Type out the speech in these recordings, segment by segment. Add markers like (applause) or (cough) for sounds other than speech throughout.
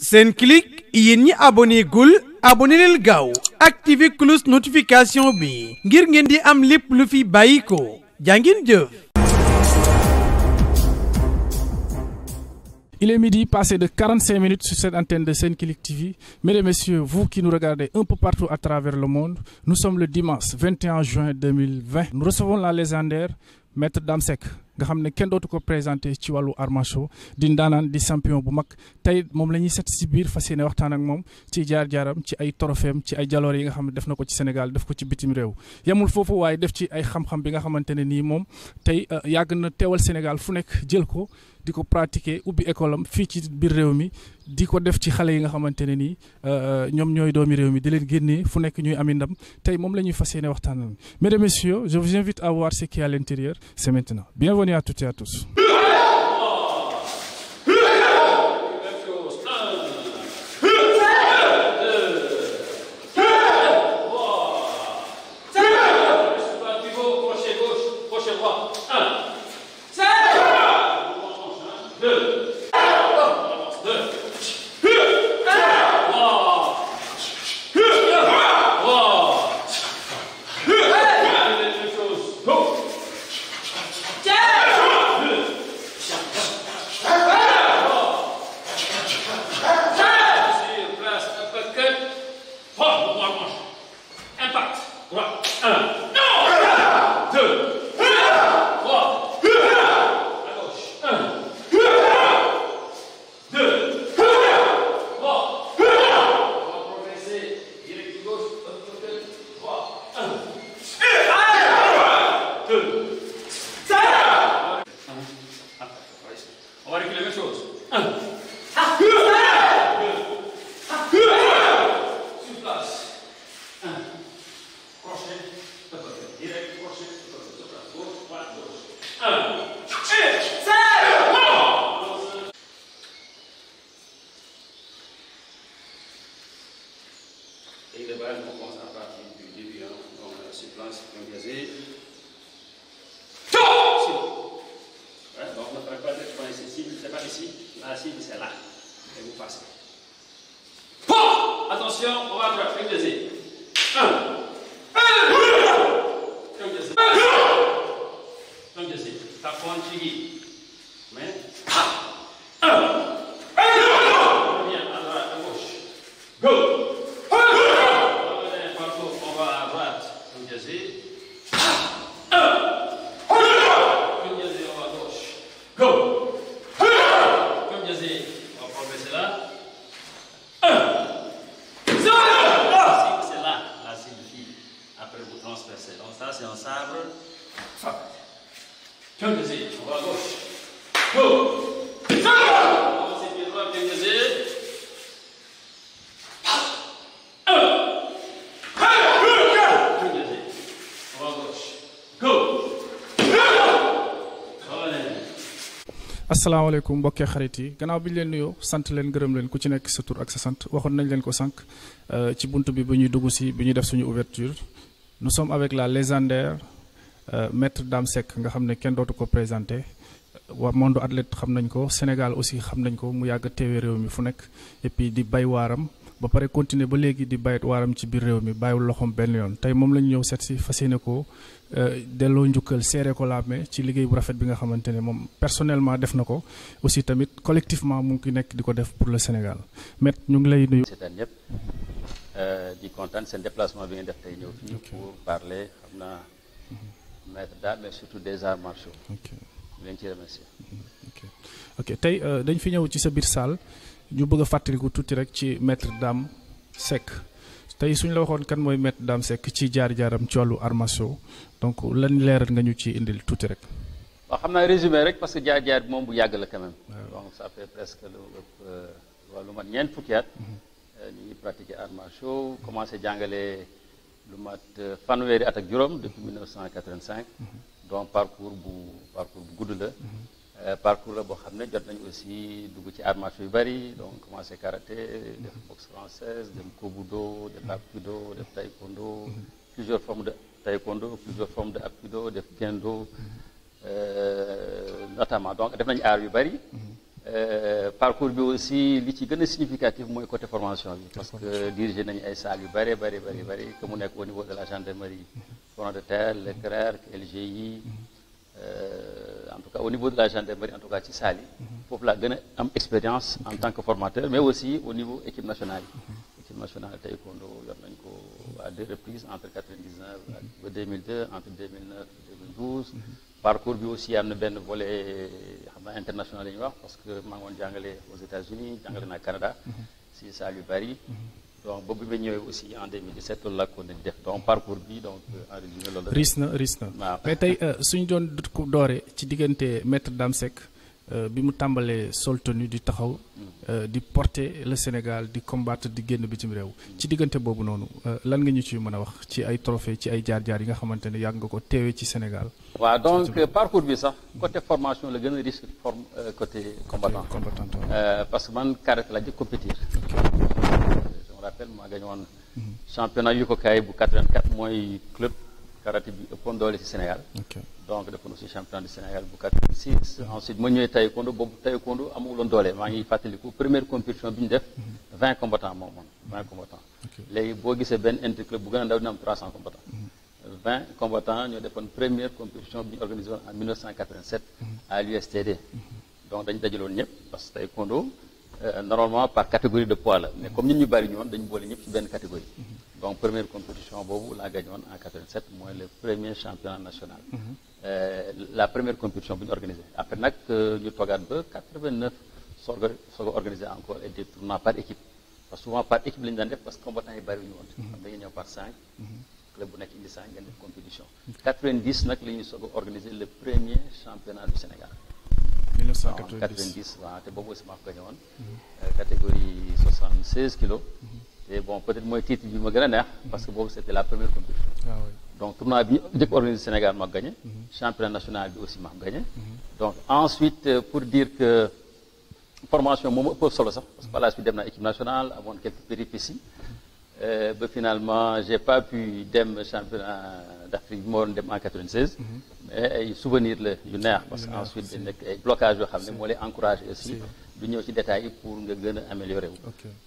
Senclic yéen ñi abonné gul abonné leen gaaw activé cloche notification bi ngir ngeen di am lépp lu fi bàyyi ko jàngin jëf. Il est midi, passé de 45 minutes sur cette antenne de Senclic TV. Mesdames et messieurs, vous qui nous regardez un peu partout à travers le monde, nous sommes le dimanche 21 juin 2020. Nous recevons la légendaire Maître Damsek. nga xam ne kenn dootu ko présenté ci wàllu arts martiaux di ndaanaan di champion bu mag tey moom la ñuy set si biir fas yéene waxtaan ak moom ci jaar-jaaram ci ay trophèem ci ay jaloor yi nga xam ne def na ko ci Sénégal def ko ci bitim réew yemul foofu waaye def ci ay xam-xam bi nga xamante ne nii moom tey euh, yàgg na teewal Sénégal fu nekk jël ko di ko pratiquer ubbi école am fii ci biir réew mi di ko def ci xale yi nga xamante ne nii euh, euh, ñoom ñooy doomi réew mi di leen génnee fu nekk ñuy ami ndam tey moom la ñuy fas yéene waxtaanal mesdames messieurs je vous invite à voir ce qui est à l'intérieur c'est maintenant asalaamaaleykum mbokki xarit yi gannaaw bi ñu leen nuyoo sant leen gërëm leen ku ci nekk sa tur ak sa sant waxoon nañ leen ko sànq euh, ci bunt bi bu ñuy dugg si bi ñuy def suñu ouverture nu sommes avec la légendaire euh, maître Dame Seck nga xam ne kenn dootu ko présenté waa monde athlète xam nañ ko Sénégal aussi xam nañ ko mu yàgg teewee réew mi fu nekk et puis di bay waaram ba pare continuer ba léegi di bayit waaram ci biir réew mi bàyyiwul loxoom benn yoon tey moom la ñu ñëw seet si fas yéene ko euh, delloo njukkal seere ko laame ci liggéey bu rafet bi nga xamante ne moom personnellement def na ko aussi tamit collectivement mu ngi nekk di ko def pour le Sénégal met ñu ngi lay nuyu. seetaan ñëpp euh, di kontaan seen déplacement bi ngeen def tey ñëw fii pour parler xam naa mhm. maître daal surtout des arts martiaux. ok ñu leen mhm. tey euh, dañ fi ñëw ci sa biir salle. ñu bëgg a fàttaliku tuuti rek ci maître Dame Seck tey suñ la waxoon kan mooy maître daam Seck ci jaar-jaaram ci wàllu arts martiaux donc lan leeral nga ñu ci indil tuuti rek. waaw xam naa résumé rek parce que jaar-jaar bi moom bu yàgg la quand même. donc ça fait presque lu euh, wàllu mat ñeent fukki at. Mm-hmm. Euh, ñu ngi pratiqué arts commencé jàngale lu mat euh, fanweeri at ak juróom depuis 1985. Mm-hmm. donc parcours bu parcours bu gudd la. Mm-hmm. Euh, parcours la boo xam ne jot nañu aussi dugg ci arts yu bari donc commencé karaté def boxe française dem kobudo def apkido def taekwondo plusieurs formes de taekwondo plusieurs formes de apkido def kendo euh, notamment donc def nañu ar yu bari euh, parcours bi aussi li ci gën a significatif mooy côté formation bi parce que dirigé nañu ay salles yu bari bari bari bari que mu nekk au niveau de la gendarmerie front de terre le CRER LGI Euh, en tout cas au niveau de la gendarmerie en tout cas ci saal yi foofu laa gën a en tant que formateur mais aussi au niveau équipe nationale yi mhm. équipe nationale taekwondo yor nañ ko à deux reprises entre 99 ak mhm. ba 2002 entre 2009 2012 mhm. parcours bi aussi am na benn volet xam na international la ñuy wax parce que maa ngi woon jàngale aux États-Unis jàngale naa Canada si saal yu bari donc boobu ba ñëwee aussi en 2017 loolu laa ko doon def donc parcours bi donc euh, en riis na riis na waaw ah. mais tey euh, suñu doon ku doore ci diggante maître Dame Seck euh, bi mu tàmbalee sol tenue di taxaw. Hmm. di porter le Sénégal di combattre di génn bitim réew. ci diggante boobu noonu lan nga ñu ci mën a wax ci ay trophée ci ay jaar-jaar yi nga xamante ne yàgg nga ko teewee ci Sénégal. waaw donc parcours bi sax hmm. côté formation la gën a risque côté combattant. parce que man carré la jëkk compétir. rappelle maa gañ woon mhm. championnat yu ko kaay bu 84 mooy club karaté bi ëppoon doole ci Sénégal donc defoon aussi championnat du Sénégal bu 86 mhm. ensuite ma ñëwee taekwondo boobu taekwondo amaguloon doole maa ngi fàttaliku première compétition bi ñu def 20 mhm. combattants moom moom 20 combattants léegi boo gisee benn interclub bu gën a ndaw dina am 300 combattants 20 combattants ñoo defoon première compétition bi ñu s woon en 1987 à l'USTD donc dañ dajaloon ñëpp parce que taekwondo Euh, normalement par catégorie de poids la mais comme ñun ñu bëri ñu woon dañu boole ñëpp ci benn catégorie mm-hmm. donc première compétition boobu laa gagné woon en 87 mooy le premier championnat national mm-hmm. euh, la première compétition bu ñu organisé après nag euh, ñu toogaat ba 89 soog soog organisé encore et des par équipe souvent par équipe la daan def parce que combattants yi bëri wu ñu woon xam da nga ñëw par cinq mm-hmm. club bu nekk indi cinq ngeen compétition nag la ñuy soog organisé le premier championnat Sénégal 1990 waaw te boobu aussi maa ko ñëwoon euh, catégorie kilos mhm. bon mooy titre bi ma gën a neex parce que boobu c'était la première compétition ah donc tournoi bi njëkk Sénégal ma gagné mhm. national bi aussi ma gagné mhm. donc ensuite euh, pour dire que formation moom ëpp solo sax parce que la suite dem naa équipe nationale amoon quelques péripéties euh, ba finalement j'ai pas pu dem championnat d'Afrique bi ma waroon dem en 96 ay souvenir la yu neex parce que ensuite dañ nekk yoo xam ne moo lay encouragé aussi du ñëw ci détails yi pour nga gën a améliorer wu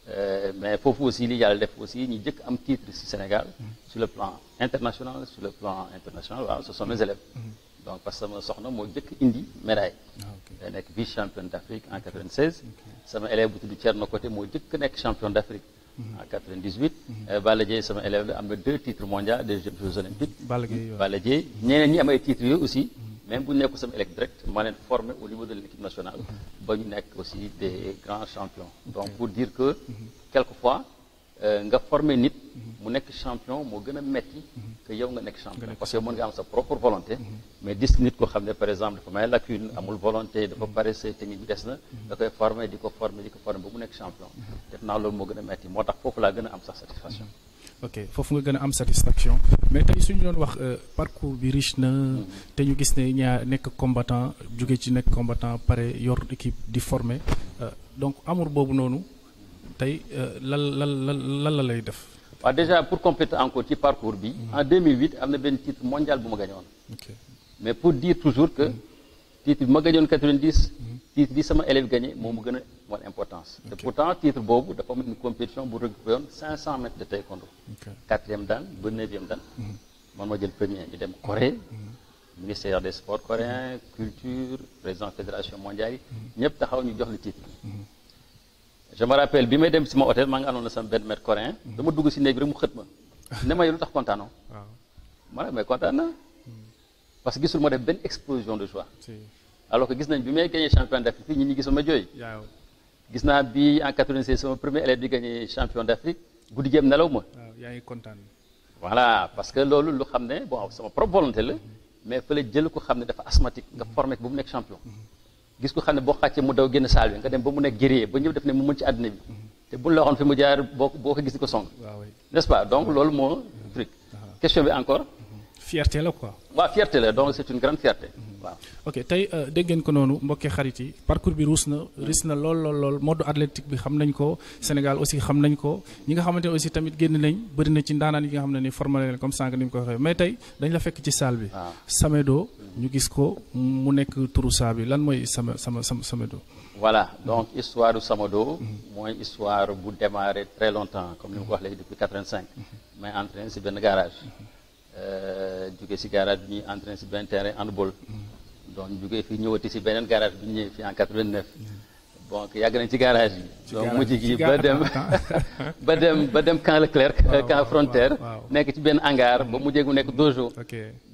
euh, mais foofu aussi li yàlla def aussi ñu jëkk am titre si Sénégal mm. sur le plan international sur le plan international waaw ce sont mes mm. parce que sama soxna moo jëkk indi médaille ah, nekk vice championne d'Afrique en 96 sama élève bu tudd Thierno Côté moo jëkk nekk champion d'Afrique Mm-hmm. Ah, en 98. Mm-hmm. Eh, Balla Dieye sama élève la am na deux titres mondiaux des Jeux olympiques. Balla Dieye mm-hmm. Balla Dieye ñeneen ñi am ay titres yooyu aussi. même bu ñu nekk sama élève direct maa leen formé au niveau de l' équipe nationale. ba ñu nekk aussi des grands champions. donc pour dire que quelquefois euh, nga formé nit. mu nekk champion moo gën a metti que yow nga nekk champion parce que mën nga am sa propre volonté mais dis nit ko xam ne par exemple dafa may lacune amul volonté dafa paresse des na da koy formé di ko formé di ko formé ba mu naa loolu moo gën a metti moo tax foofu laa gën a am sax satisfaction. Mm-hmm. ok foofu nga gën a am satisfaction mais tey suñu doon wax euh, parcours bi riche na mm-hmm. te ñu gis ne ñaa nekk combattant jóge ci nekk combattant pare yor équipe di former euh, donc amour boobu noonu tey euh, lan lan lan lan la lay def. waa déjà pour compléter encore ci parcours bi. Mm-hmm. en 2008 am na benn titre mondial bu ma gañoon. mais pour dire toujours que titre bi ma gañoon titre bi sama élève gagné moom mu gën a wan importance te pourtant titre boobu dafa am une compétition bu regroupé woon cinq cent mètres de taekwondo quatrième dan ba neuvième dan mhm. man ma jël premier ñu dem Corée mhm. ministère des sports coréen mhm. culture président fédération mondiale yi ñëpp taxaw ñu jox le titre je me rappelle bi may dem si ma hôtel maa ngi àndoon na sama benn maître coréen dama dugg si néeg bi rek mu xët ma ne ma lu tax kontaanoo (laughs) ma ne mais kontaan que gisul ma def benn explosion de joie alors que gis nañ bi may gagné champion d'Afrique fii ñi ñi gisuma jooy gis naa bi en 96 sama premier élève di gagné champion d'Afrique guddi géem nelaw ma yaa ngi kontaan voilà parce que loolu lu xam ne boo sama propre volonté la mais fële jël ko xam ne dafa asthmatique nga formé ko ba mu nekk champion gis ko xam ne boo xàccee mu daw génn saal bi nga dem ba mu nekk guerrier ba ñëw def ne mu mën ci àddina bi te buñ la waxoon fi mu jaar boo boo ko gis ko song nest loolu moo truc bi encore fierté la quoi. waaw fierté la donc c'est une grande fierté. waaw ok tey euh, dégg ngeen ko noonu mbokki xarit yi parcours bi ruus na ruus na lool lool lool mode athlétique bi xam nañ ko Sénégal aussi xam nañ ko ñi nga xamante ne aussi tamit génn nañ bëri na ci ndaanaan yi nga xam ne ni formé leen comme sànq ni ñu ko waxee mais tey dañ la fekk ci salle bi. Samedo ñu gis ko mu nekk turu saa bi lan mooy sama sama sama Samedo. voilà mhm. donc histoire du Samedo. Mhm. mooy histoire bu démarré très longtemps comme ni ma ko wax léegi depuis 85. Euh, jóge si garage bi ñuy entraîné si benn terrain handball mm-hmm. donc jóge fi ñëwati si beneen garage bi ñu ñëwee fii en 89 bon mm-hmm. yàgg nañ ci garage yi donc mujj gi ba dem (laughs) ba dem ba dem camp Leclerc camp nekk ci benn hangar ba mm-hmm. mujjee mu nekk dojo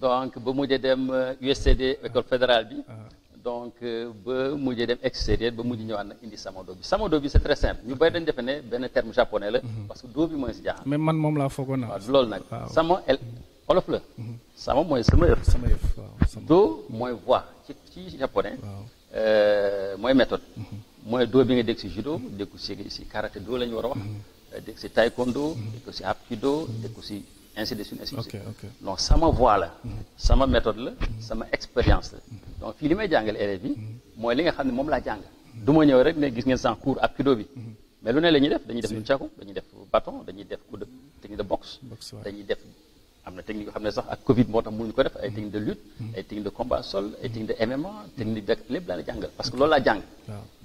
donc ba mujjee dem USCD euh, école fédérale bi ah. donc euh, ba mujjee dem extérieur ba mujj ñëwaat nag indi samado bi samado bi c'est très simple ñu bay dañ defe ne benn terme japonais la parce que doo bi mooy si jaaxal mais man moom laa foogoon na waaw loolu nag sama olof la. sama mhm. mooy sama yëf. sama yëf waaw do mooy voix ci ci japonais. Euh, mooy méthode. Mhm. mooy do bi nga dégg si judo mhm. dégg ko si si karaté do la ñu war a wax. Euh, dégg si taekwondo. dégg ko si hapkido dégg ko si ainsi de suite ainsi de suite. donc sama voix la. sama méthode la. sama expérience la. donc fii li may jàngal élèves yi. mooy li nga xam ne moom laa jàng. du ma ñëw rek ne gis ngeen sànq cours hapkido bi. mais lu ne la ñuy def dañuy def nunchaku dañuy def bâton dañuy def coup de technique de boxe. dañuy def. am na technique yoo xam ne sax ak Covid moo tax mënuñu ko def ay technique de lutte ay technique de combat sol ay technique de MMA technique de lépp laa la jàngal parce que loolu laa jàng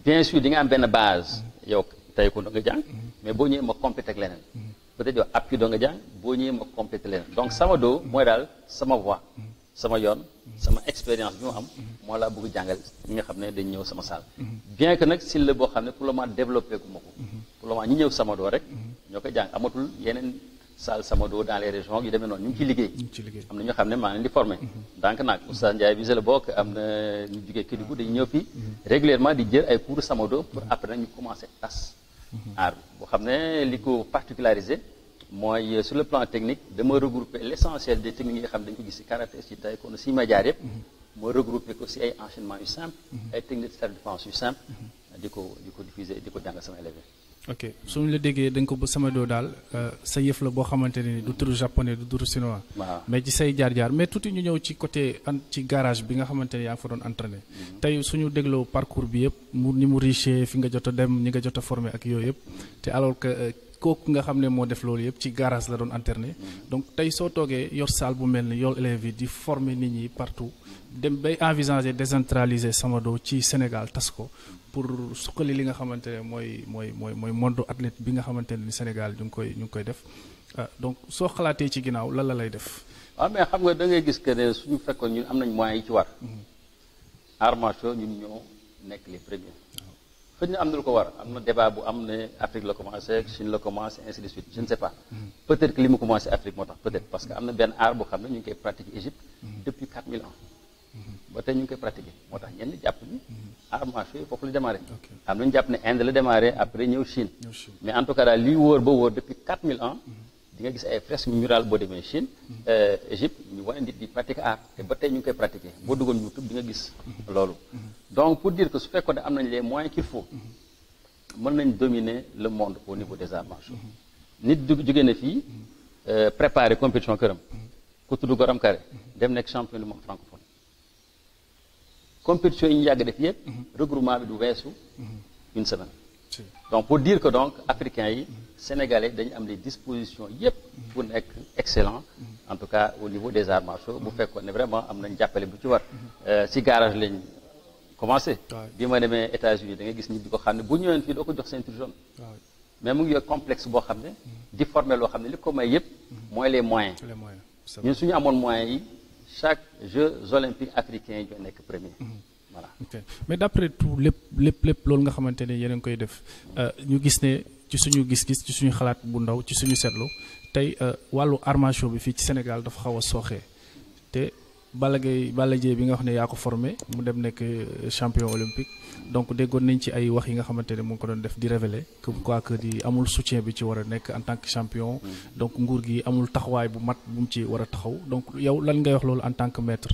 bien sûr di am benn base yow tey ko nga jàng mm-hmm. mais boo ñëwee ma complété ak leneen mm-hmm. boo ñëwee ma complété leneen donc sama doo mm-hmm. mooy daal sama voix sama yoon sama expérience bi ma am moo laa bëgg jàngal ñi nga xam ne dañ ñëw sama salle bien que nag si la boo xam ne pour le moment développé gu ma ko pour le moment ñi ñëw sama doo rek Sall Samado dans les régions yu demee noonu ñu ngi ciy liggéey am na ñoo xam ne maa leen di formé mhm. donc nag Oustaz Ndiaye bi se la bokk am na ñu jógee Kédougou dañu ñëw fii mhm. régulièrement di jël ay sama Samado pour mhm. après ñu commencé tas aar bi boo xam ne li ko particularisé mooy euh, sur le plan technique dama regrouper l' essentiel des techniques yi nga xam ne dañu ko gis si karaté si taekwondo si majaar yëpp moo regroupé ko si ay enchaînements yu simple ay techniques di ko di ko diffuser di ko jàngal sama élèves su suñu la déggee da ko ba sama doo daal euh, sa yëf la boo xamante ne du turu japonais du turu chinois. mais ci say jaar-jaar mais tuuti ñu ñëw ci côté ci garage bi nga xamante ne yaa ngi fa doon entraîné. Mhm. tey suñu dégloo parcours bi yëpp mu ni mu riche fi nga jot a dem ni nga jot a formé ak yooyu yëpp te alors que euh, kooku nga xam ne moo def loolu yëpp ci garage la doon entraîné. Mhm. donc tey soo toogee yor salle bu mel ni yor élèves yi di former nit ñi partout dem bay envisager décentraliser Sama Do ci Sénégal tas ko pour suqali li nga xamante ne mooy mooy mooy mooy monde athlète bi nga xamante ne ni Sénégal ñu ngi koy ñu ngi koy def ah, donc soo xalaatee ci ginnaaw lan la lay def. waaw ah, mais xam nga da ngay gis que ne ñu fekkoon ñu am nañ moyens yi ci war. Mm-hmm. arts martiaux ñun ñoo nekk les premiers. xëy na am na lu ko war am na débat bu am ne Afrique la commencé Chine la commencé ainsi de suite je ne pas. Mm-hmm. peut-être que li mu commencé Afrique moo tax peut-être parce que am na benn art boo xam ne ñu ngi koy pratiquer Égypte mm-hmm. ba tey ñu ngi koy pratiquer moo tax ñenn jàpp ni mhm. arts martiaux foofu la démarré am nañu jàpp ne Inde la démarré après ñëw Chine mais en tout cas daal lii wóor ba wóor depuis 4000 ans mhm. di nga gis ay fresques murales boo demee Chine mhm. euh, Égypte ñu wane nit di pratiquer art te ba tey ñu ngi koy pratiquer boo duggoon YouTube di nga gis loolu donc pour dire que su fekkoon ne am nañ les moyens qu'il faut mën nañ dominer le monde au niveau des arts martiaux nit du jógee na fii euh, préparer compétition këram ku tudd Goram Kare dem nekk champion compétition yi ñu yàgg def yëpp regroupement bi du weesu une semaine donc pour dire que donc africains yi sénégalais dañu am les dispositions yëpp pour nekk excellent en tout cas au niveau des arts martiaux bu fekkoon ne vraiment am nañ jàppale bu ci war euh, si garage lañ commencé bi ma demee États-Unis da nga gis nit di ko xam ne bu ñëwee fi doo ko jox ceinture jaune mais mu ngi yor complexe boo xam ne di former loo xam ne li ko may yëpp mm-hmm. mooy les moyens ñun yi chaque Jeux olympiques africains yoo nekk premier. Mhm. voilà okay. mais d'après tout lépp lépp lépp loolu nga xamante ne yéen a koy def euh, ñu gis ne ci suñu gis-gis ci suñu xalaat bu ndaw ci suñu seetlu tey euh, wàllu armation bi fii ci Sénégal dafa xaw a sooxee te. Balla Gaye Balla bi nga xam ne yaa ko formé mu dem nekk euh, champion olympique donc déggoon nañ ci ay wax yi nga xamante ne mu ngi ko doon def di révéler que quoi que di amul soutien bi ci war a nekk en tant que champion. Mm. donc nguur gi amul taxawaay bu mat bu mu ci war a taxaw donc yow lan ngay wax loolu en tant que maître.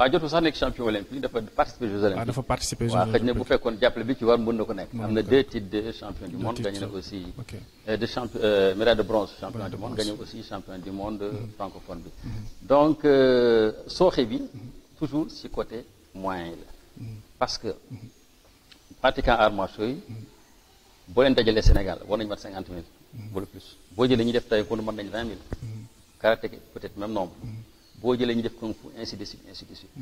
waaw jotul sax nekk champion olympique dafa participer jeux olympiques. dafa participer jeux olympiques waaw xëy na bu fekkoon jàppale bi ci war mën na ko nekk. am na deux titres de champion du monde. gagné na aussi euh, de euh, champion du monde euh, mm-hmm. francophone bi. Mm-hmm. donc sooxe bi mm-hmm. toujours ci côté moyen parce que pratiquant arts martiaux boo leen dajalee Sénégal war nañu mat cinquante mille. wala boo jëlee ñu def taekwondo mën nañu vingt mille. karaté peut-être même nombre. boo jëlee ñu def kung fu ainsi de suite ainsi de suite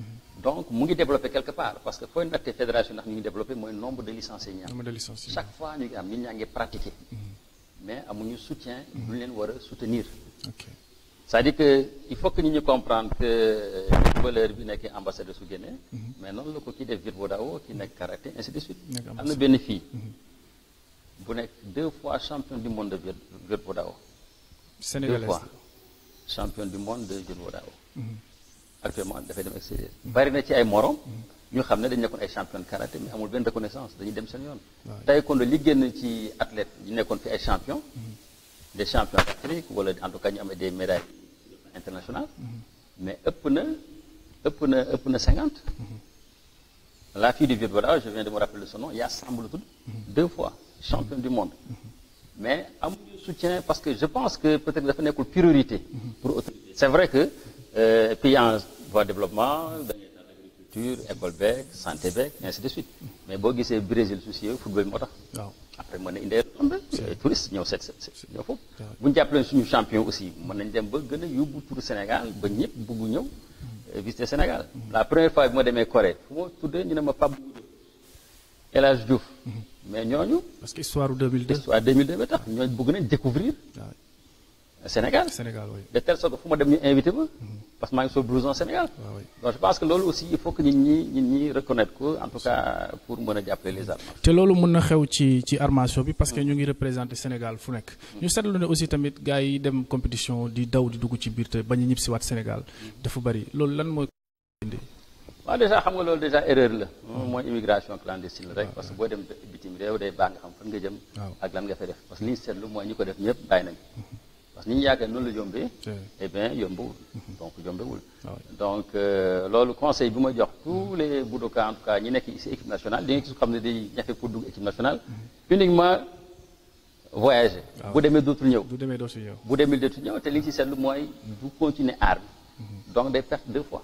donc mu ngi développé quelque part parce que fooy natte fédération ndax ñu ngi développé mooy nombre de licenciés ñaar chaque fois ñu ngi am nit ñaa ngi pratiqué mm-hmm. mais amuñu soutien du leen war a soutenir c'est-à-dire que il faut que nit ñi comprendre que footballeur euh, bi nekk ambassadeur su Guinée mm-hmm. mais noonu la ko kii def Virgo Dao kii nekk karaté ainsi de suite am na benn fii mm-hmm. bu nekk deux fois champion du de Virgo Dao deux fois champion du monde de judo mm-hmm. actuellement dafay dem extérieur bari na ci ay morom ñu xam ne dañ nekkoon ay champion karaté mais amul benn reconnaissance dañuy dem seen yoon taekwondo li génn ci athlète ñu nekkoon fi ay champion mm-hmm. des champions d'Afrique wala en tout cas ñu am des médailles internationales mm-hmm. mais ëpp na ëpp na ëpp na cinquante la fille du vieux Boda je viens de me rappeler son nom Yass Samb la tudd deux fois champion du monde mais amul soutien parce que je pense que peut-être dafa nekkul priorité pour autorité c'est vrai que euh, pays en voie de développement agriculture école beeg santé beeg ainsi de suite mais boo gisee Brésil soucieux football bi moo tax après mën na indi ay touriste ñëw seet seet ñëw foofu bu ñu jàppalee suñu champion aussi mën nañ dem ba gën a yóbbu turu Sénégal ba ñëpp bëgg ñëw euh, visiter Sénégal la première fois bi demee Corée fu ma tuddee ñu ne ma Pape El Hadj mais ñooñu. parce que histoire 2002. histoire 2002 ba tax ñooñu bëgg nañ découvrir Sénégal Sénégal oui. de telle sorte que fu ma dem ñu invité ma. parce que maa ngi sol blouson Sénégal. Ah, oui. donc je pense que loolu aussi il faut que nit ñi nit ñi reconnaître ko en tout cas pour mën a jàppale les armes. te loolu mën na xew ci ci armation bi parce que ñu ngi représenté Sénégal fu nekk. ñu seetlu ne aussi tamit gars yi dem compétition di daw di dugg ci biir te bañ a ñibbisiwaat Sénégal dafa bari loolu lan mooy. waaw déjà xam nga loolu déjà erreur la mooy immigration clandestine la rek parce que boo dem bitim réew day baax nga xam fan nga jëm ak lan nga fay def parce que li ñu seetlu mooy ñi ko def ñëpp bàyyi nañ parce que ni ñu yaakaar noonu la yombee eh bien yombewul mhm. donc yombewul ah euh, loolu conseil bi ma jox tous les budoka en tout cas nekk ci équipe nationale di nga gis xam ne day ñafe pour dugg équipe nationale mhm. uniquement voyager ah bu demee dootul ñëw bu demee dootul ñëw te li ñu ci seetlu mooy du continuer arme mhm. donc day perte deux fois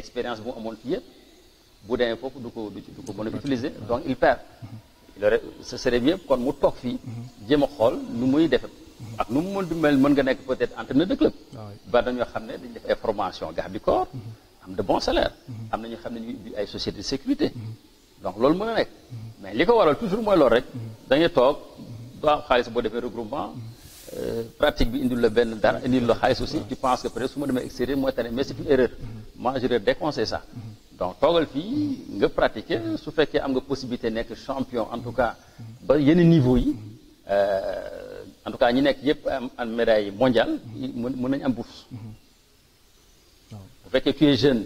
expérience bu mu amoon yëpp bu demee foofu du ko du ko mën a utiliser donc il perd mm-hmm. loolu ce serait bien kon mu toog fii mm-hmm. jéem a xool nu muy defe mm-hmm. ak nu mu mën di mën nga nekk peut-être entraîneur de club ah ba dañoo xam ne dañ def ay formation garde corps am de bons salaires am na ñu xam ne ñu ubbi ay société de sécurité donc loolu mën a nekk mais li ko waral toujours mooy lool rek da toog doo am xaalis boo defee regroupement euh, pratique bi indil la benn dara indil la xaalis aussi tu penses que peut-être moi je leur déconseille ça. donc toogal fii nga pratiquer su fekkee am nga possibilité nekk champion en tout cas ba yenn niveau yi euh, en tout cas ñi nekk yëpp am am médaille mondiale mën mën nañu am bourse bu fekkee tu es jeune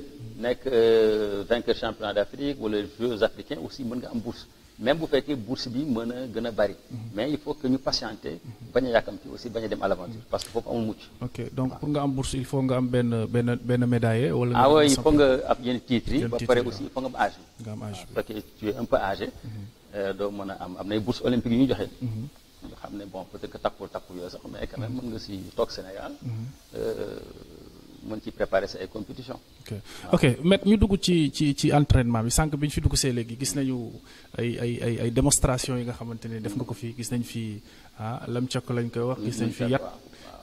nekk euh, vainqueur championnat d'Afrique wala Jeux africains aussi mën nga am bourse même bu fekkee bourse bi mën a gën a bari. Mhm. mais il faut que ñu patienter. bañ a yàkkamti aussi bañ a dem à parce que foofu amul mucc. ok donc pour nga am bourse il faut nga am benn benn benn médaille. wala ah oui il faut nga am yenn aussi il faut nga am âge. Mhm. Euh, mën a am am nay bourse olympique yu ñu joxe. Mhm. nga xam ne bon peut-être que takku takku yooyu sax mais quand même mën nga si toog Sénégal. Euh, mën ci préparer sa ay compétition ok ok ñu dugg ci ci ci entraînement bi sànq bi ñu fi dugg see léegi gis nañu ay ay ay ay démonstration yi nga xamante ne def nga ko fii gis nañ fi ah lam cokk lañ koy wax gis nañ fi yat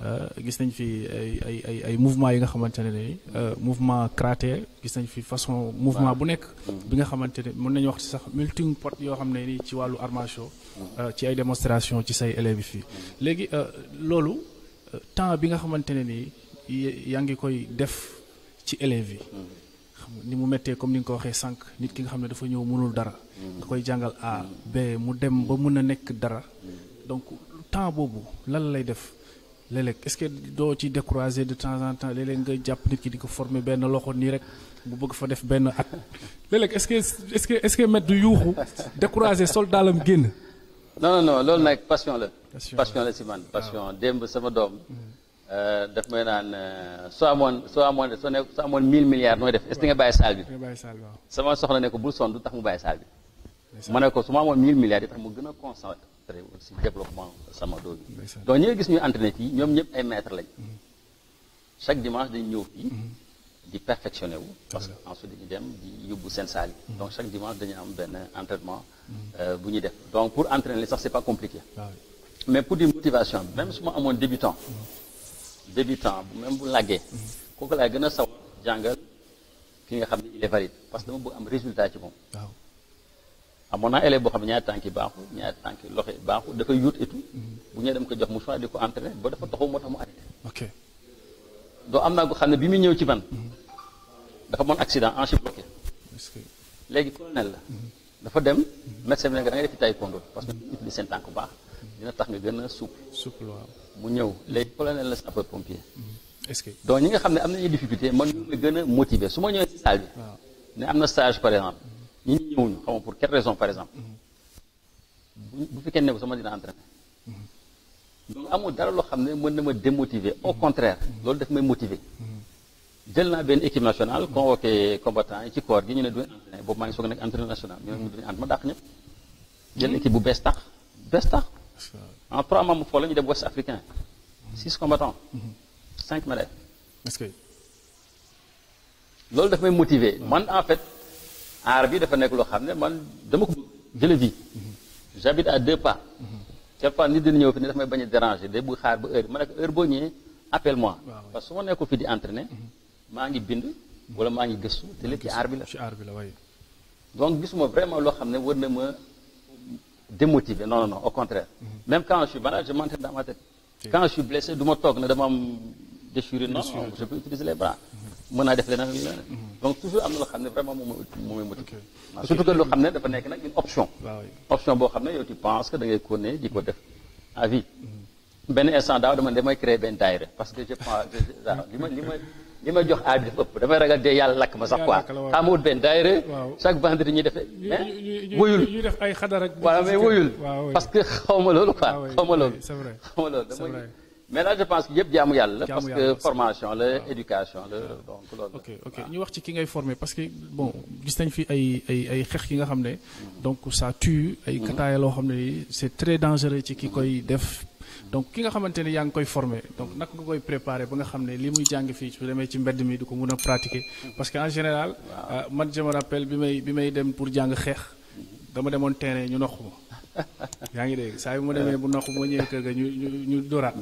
ah, gis nañ fi ay ay ay ay mouvement yi nga xamante ne euh, mouvement karaté gis nañ fi façon mouvement bu nekk bi nga xamante ne mën nañu wax ci sax melting pot yoo xam ne ni ci wàllu arts euh, ci ay démonstration ci say élèves fii léegi euh, loolu temps bi nga xamante ne nii yaa ngi koy def ci élèves yi. ni mu méttee comme ni nga ko waxee sànq nit ki nga xam ne dafa ñëw mënul dara. nga koy jàngal A B mu dem ba mun a nekk dara. donc temps boobu lan lay def léeg-léeg ce que doo ci décourager de temps en temps léeg-léeg nga jàpp nit ki di ko forme benn loxo nii rek bu bëgg fa def benn at. léeg-léeg est que est-ce que est-ce que maître du yuuxu décourager soldaalam génn. non non non loolu nag passion la. passion la si man passion démb sama doom. Mm. Euh, daf may naan euh, soo amoon soo amoon ne soo amoon mille milliards nooy def est-ce que nga bàyyi saal bi sama soxla ne ko bul son du tax mu bàyyi saal bi ma ne ko su ma amoon mille milliards yi tax mu gën a concentré si développement sama doo bi donc ñi nga gis ñuy entraîné fii ñoom ñëpp ay maître lañ mm-hmm. chaque dimanche dañ ñëw mm-hmm. di perfectionné wu parce que ensuite dañu dem di yóbbu seen saal yi mm-hmm. donc chaque dimanche dañu am benn entraînement euh, bu ñu def donc pour entraîner sax c'est pas compliqué ah mais pour di motivation même su ma amoon débutant temps bu même bu laggee kooku laay gën a saw jàngal ki nga xam ni il est parce que dama bëgg am résultat ci moom waaw amoon naa élève boo xam ne ñaar tànki baaxu ñaar ñaari tànk loxo yi baaxul dafa yuut et tout mm-hmm. bu ñëwee dem ko jox mu soit di ko entraîné ba dafa taxaw moo tax mu arrêté ok doo am naa ko xam ne bi muy ñëw ci ban mm-hmm. dafa moon accident hanche bloqué léegi colonel la mm-hmm. dafa dem médecin bi ne da ngay def ci taekwondo parce que utilise seen tànk bu baax dina ta nga gën a souple mu ñëw léegi colonel la sapeur pompier. Mm-hmm. est-ce que donc ñi nga xam ne am nañu difficulté man ñu ngi gën a motiver su ma ñëwee si bi. ne am na stage par exemple. Mm-hmm. ñi ñu ñëwuñu xam pour quelle raison par exemple. Mm-hmm. bu bu fekkee ne sama dina entraîné. donc amul dara loo xam ne mën na ma démotiver au contraire loolu def may motiver. jël naa benn équipe nationale convoqué combattant yi ci corps gi ñu ne duñu entraîné boobu maa ngi soog a nekk entraîneur national ñu ne duñu ent bu bees tax bees tax en trois membres foofu la ñu dem West Africain six combattants cinq médailles. est-ce que. loolu daf may motiver man en fait aar bi dafa nekk loo xam ne man dama ko jële vie j'habite à deux pas chaque fois nit dina ñëw fi ne dafa may bañ a déranger day bëgg xaar bu heure bi ma nekk heure boo ñëwee appelle moi parce que su nekko fi di entraîner maa ngi bind wala maa ngi gëstu te lépp ci aar bi la donc gisuma vraiment loo xam ne war na ma démotivé non non non au contraire. Mm -hmm. même quand je suis malade je m'entraîne dans ma tête. Okay. quand je suis blessé du ma toog ne dama am déchirure non non je peux utiliser les bras. Mhm. mën naa def leneen ak leneen. Mhm. donc toujours am na loo xam ne vraiment moom mooy motivé. surtout que loo xam ne dafa nekk nag une option. option boo xam ne yow tu penses que da ngay continuer di ko def à vie. Mhm. benn instant daaw dama damay créer benn daayira parce que je pense li ma li ma. li ma jox aada dafa damay ragal dee yàlla lakk ma sax quoi xamut benn daayira chaque vendredi ñu defee wóyul ñu def ay xadar ak voilà mais wóyul parce que xaw ma loolu quoi ah, xaw ma loolu xaw ma loolu dama mais là je pense que yëpp jaamu yàlla la parce que formation la éducation la ah. donc loolu ok ok ñu wax ci ki ngay formé parce que bon gis nañ fi ay ay ay xeex yi nga xam ne donc ça tue ay mm-hmm. kataaya loo xam ne c'est très dangereux ci ki koy def donc ki nga xamante ne yaa ngi koy formé donc naka nga koy préparé ba nga xam ne li muy jàng fii su demee ci mbedd mi du ko mun a parce que général euh, man je bi may bi may dem pour jàng xeex dama demoon terrain ñu noq ma (laughs) yaa ngi dégg saa yi mu demee bu noq moo ñëwee ñu ñu ñu dóoraat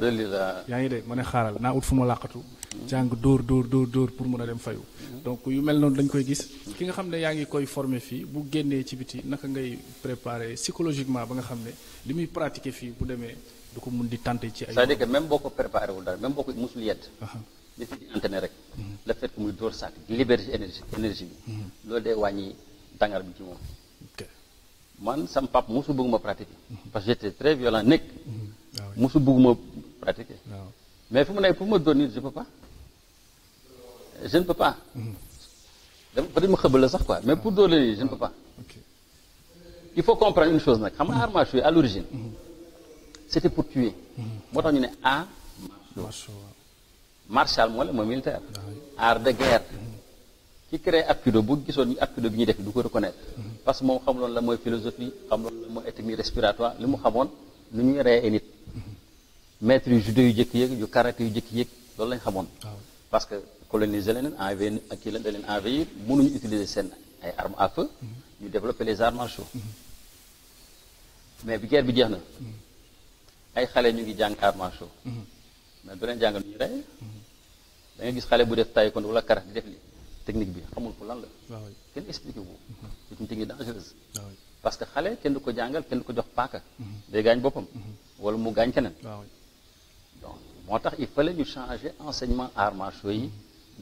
yaa ngi dégg ma ne xaaral naa ut fu ma làqatu jàng dóor dóor dóor dóor pour mun a dem fayu mm-hmm. donc yu mel noonu dañ koy gis ki nga xam ne yaa ngi koy formé fii bu génnee ci biti naka ngay préparé psychologiquement ba nga xam ne li muy pratiquer fii bu demee du ko mun di tenter ci ay. cest dire que même boo ko préparé wul dara même boo ko musul yedd. nit di entraîné rek. Mhm. le fait que muy dóor saak di libérer énergie énergie bi. Mhm. loolu day wàññi tàngaar bi ci moom. man sam pap musu bëgg ma pratiquer. Mhm. parce que te très violent nekk. waaw ah musu bëgg ma pratiquer. Ah mais fu mu nekk fu ma doon nit je peux je ne peux pas. dama peut-être ma xëbal la sax quoi mais ah. pour dóor la nii je ne peux il faut comprendre une chose nag xam nga arts martiaux à l'origine c'était pour tuer. moo tax ñu ne art ah, martiaux. martial mooy la mooy militaire. Ah art de guerre. ki créé Hapkido bu gisoon Hapkido bi ñuy def du ko reconnaître. parce que moom xamuloon la mooy philosophie xamuloon la mooy technique respiratoire li mu xamoon nu ñu rey ay nit. maître yu judo yu jëkk yëg yu karaté yu jëkk yëg loolu lañ xamoon. Ah parce que coloniser leneen envahir ak kii la da leen envahir mënuñu utiliser seen ay armes à feu. Mm-hmm. ñu développer les arts mm-hmm. mais bi bi jeex na. Mm-hmm. ay xale ñu ngi jàng arts mm-hmm. mais beneen jàngal ñu rey mm-hmm. da nga gis xale bu def taekwondo wala karaté di def li technique bi xamul ko lan la ah kenn expliqué ko mm-hmm. c'est une technique dangereuse ah parce que xale kenn du ko jàngal kenn ko jox paaka day gaañ boppam wala mu gaañ keneen ah donc moo tax il fallait ñu changer enseignement arts martiaux yi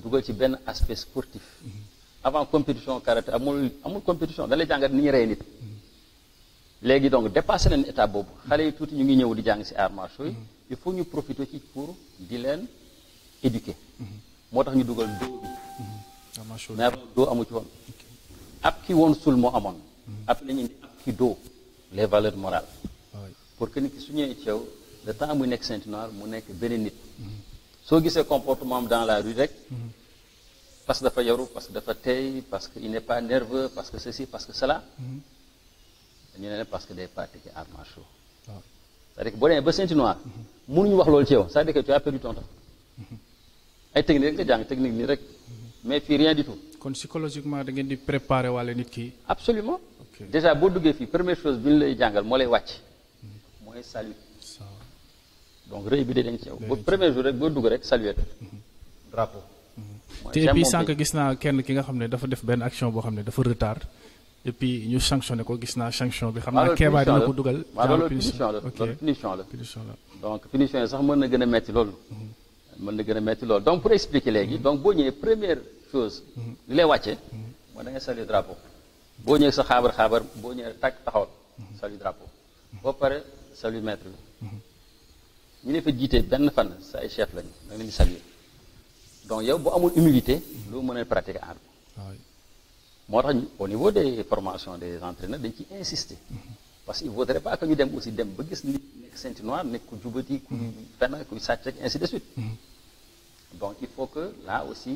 dugal ci benn aspect sportif avant compétition karaté amul amul compétition da lay jàngal ni ñu rey nit léegi donc dépassé nañ état boobu xale yi tuuti ñu ngi ñëw di jàng ci arts martiaux yi mm-hmm. il faut ñu profiter ci pour di leen éduquer mm-hmm. moo tax ñu dugal doo bi mm-hmm. mais doo amu ci woon ab ki woon sul moo amoon ab la ñu indi ab ki doo les valeurs morales ah pour que nit ki su ñëwee ci le temps muy nekk ceinture noire mu nekk beneen nit soo gisee comportement am dans la rue rek parce que dafa yaru parce que dafa teey parce que il n'est pas nerveux parce que ceci parce que cela dañu ne parce que day parti arts martiaux ah. c'est-à-dire que boo demee ba ceinture noire mënuñu wax loolu ci yow c'est-à-dire que ay technique rek nga jàng technique nii rek mais fii rien du tout. kon psychologiquement da ngeen di préparer walla nit ki. absolument déjà boo duggee fii première chose bi ñu lay jàngal moo lay wàcc. Mhm. mooy salut. donc rëy bi de dañ ci yow. ba premier jour rek boo dugg rek saluer mhm. drapeau. Mhm. mooy te puis sànq gis naa kenn ki nga xam ne dafa def benn action boo xam ne dafa et puis ñu sanctionné ko gis naa sanction bi xam naa keebaa dina ko dugal loolu punition la loolu punition la punition la donc punition yi sax mën na gën a metti loolu mhm. mën na gën a metti loolu donc pour expliquer léegi mhm. donc boo ñëwee première chose mhm. li lay wàcce mooy da ngay drapeau boo ñëwee sa xaabar xaabar boo ñëwee tàkk taxawal saluer drapeau boo pare saluer maître bi ñu ne fa jiitee benn fan saa ay chef lañu da nga leen di donc yow bu amul humilité loo mën a pratiquer aar moo tax ñu au niveau des formations des entraîneurs dañ ci insister parce que il vaudrait pas que ñu dem aussi dem ba gis nit nekk ceinture noire nekk ku jubati ku mhm. fenn ku sàcc rek ainsi de suite mhm. donc il faut que là aussi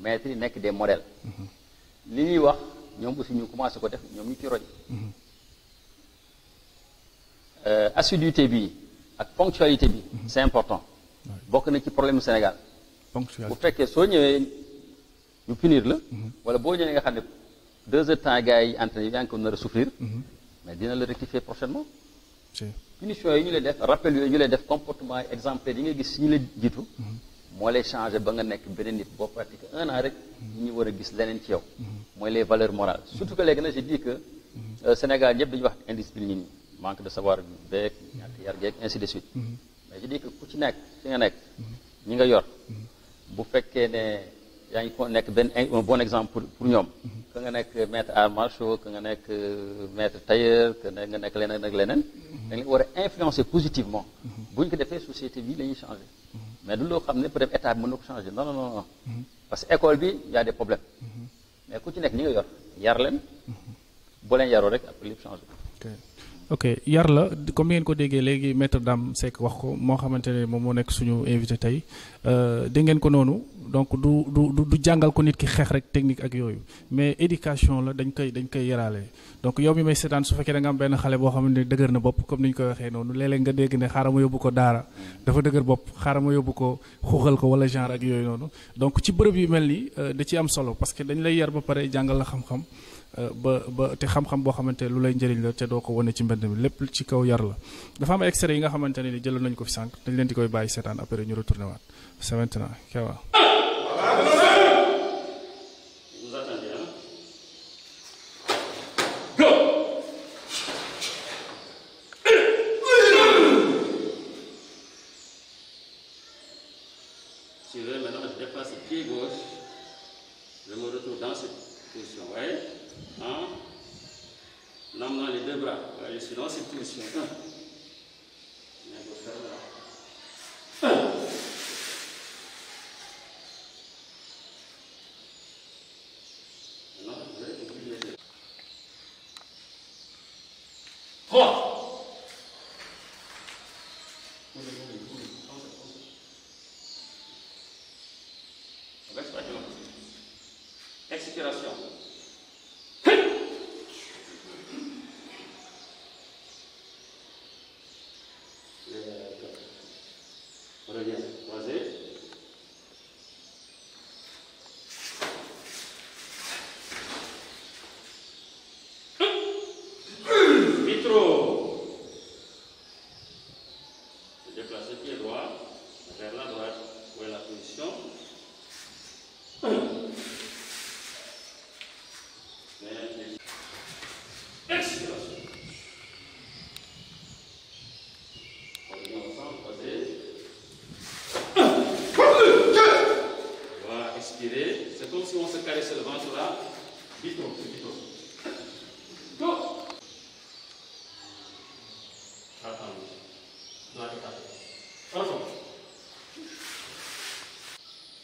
maîtres yi nekk des modèles mhm. li ñuy wax ñoom aussi ñu commencé ko def ñoom ñu ci roy euh, assiduité bi ak ponctualité bi c'est important bokk na ci problème Sénégal bu fekkee soo ñëwee ñu punir la wala boo ñëwee nga xam ne deux heures temps gars yi entraîné yi yaa ngi ko a souffrir. Mhm. mais dina la rectifier prochainement. punition yi ñu lay def rappel yooyu ñu lay def comportement exemplaire yi nga gis si ñu la jiitu. Mhm. moo lay changé ba nga nekk beneen nit boo pratiqué un an rek. Mhm. ñu war a gis leneen ci yow. mooy les valeurs morales. surtout que léegi nag je dis que. Euh, Sénégal ñëpp dañuy wax indiscipline manque de savoir beeg ñàkk yar geeg ainsi de suite. mais je dis que ku ci nekk yaa ngi ko nekk benn un bon exemple pour ñoom que mm-hmm. nga nekk maître art martiaux que nga nekk euh, maître tailleur que nga nekk leneen ak leneen mm-hmm. da nga war a influencer positivement mm-hmm. bu ñu ko defee société bi la ñuy changé mais du loo xam ne peut état mun mën na ko changé non non non parce que école bi y a des mais ku ci nekk ni nga yor yar leen boo leen yaroo rek après lépp changé ok yar la comme ni ngeen ko déggee léegi maître Dame Seck wax ko moo xamante ne moom moo nekk suñu invité tey euh, dégg ngeen ko noonu donc du du du jàngal ko nit ki xeex rek technique ak yooyu mais éducation la dañ koy dañ koy yaraale donc yow mi may seetaan su fekkee da am benn xale boo xamante ne dëgër na bopp comme ni ñu koy waxee noonu léeg-léeg nga dégg ne xaaral ma yóbbu ko daara dafa dëgër bopp xaaral ma yóbbu ko xuuxal ko wala genre ak yooyu noonu donc ci bërëb yu mel nii euh, da ci am solo parce que dañ lay yar ba pare jàngal la Euh, ba ba te xam-xam boo xamante lu lay njëriñ la te doo ko wone ci mbedd mi lépp ci kaw yar la dafa am extrait yi nga xamante ne ni jëloon nañu ko fi sànq dañ leen di koy bàyyi seetaan après ñu retourné waat c'est maintenant ですよね。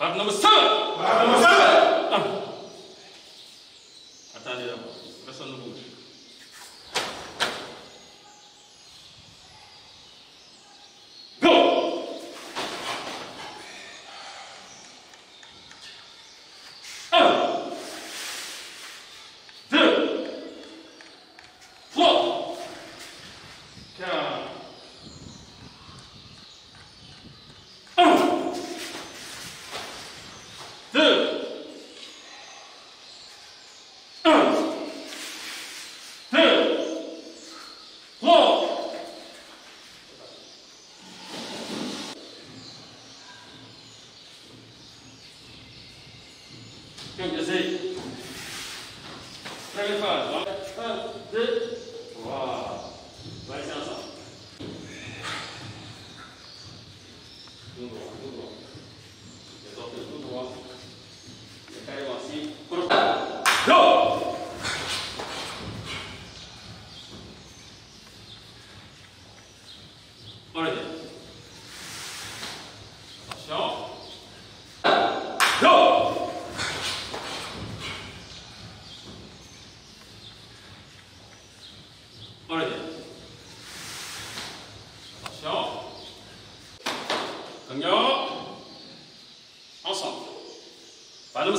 Part number seven. Part number seven. Donc, ensemble. Pas nous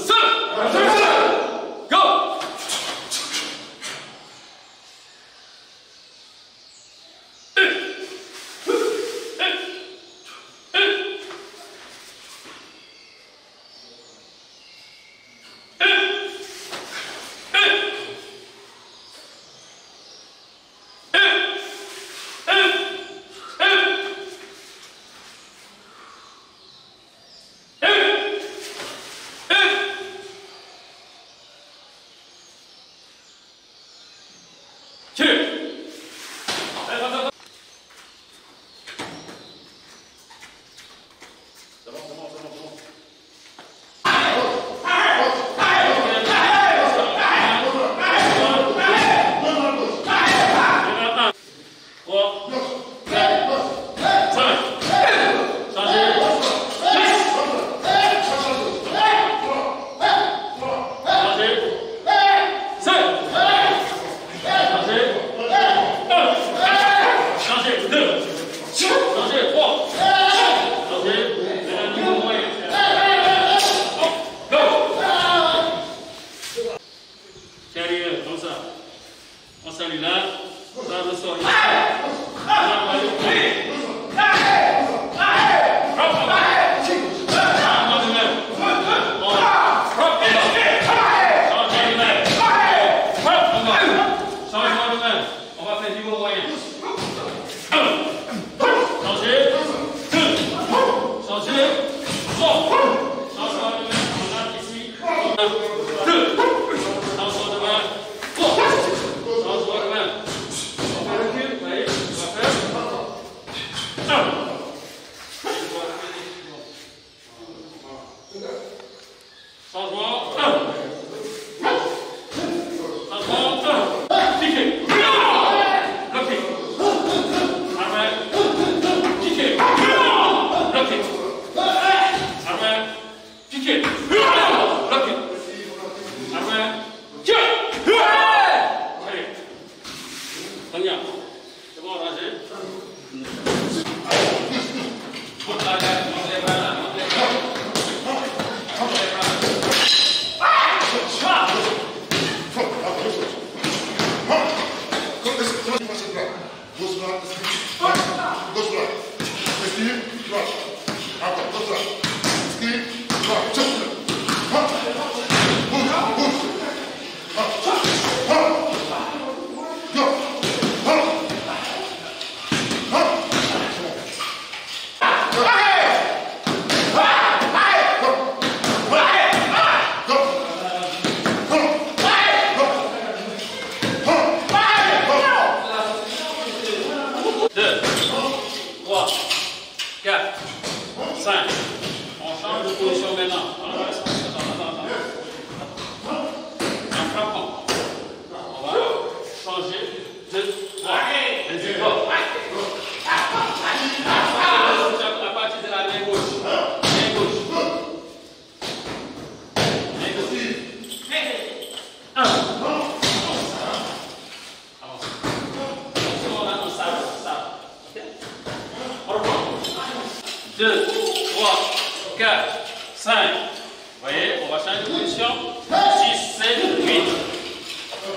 4, 5. Vous voyez, on va changer de position. 6, 7, 8.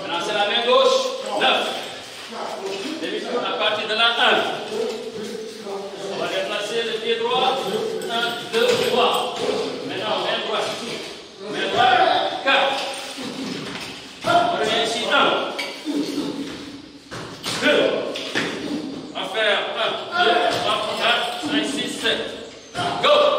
Maintenant, c'est la main gauche. 9. Débutons à partir de la 1. On va déplacer le pied droit. 1, 2, 3. Maintenant, main droite. Main droite. 4. On revient ici. 1. 2. On va faire 1, 2, 3, 4, 5, 6, 7. Go!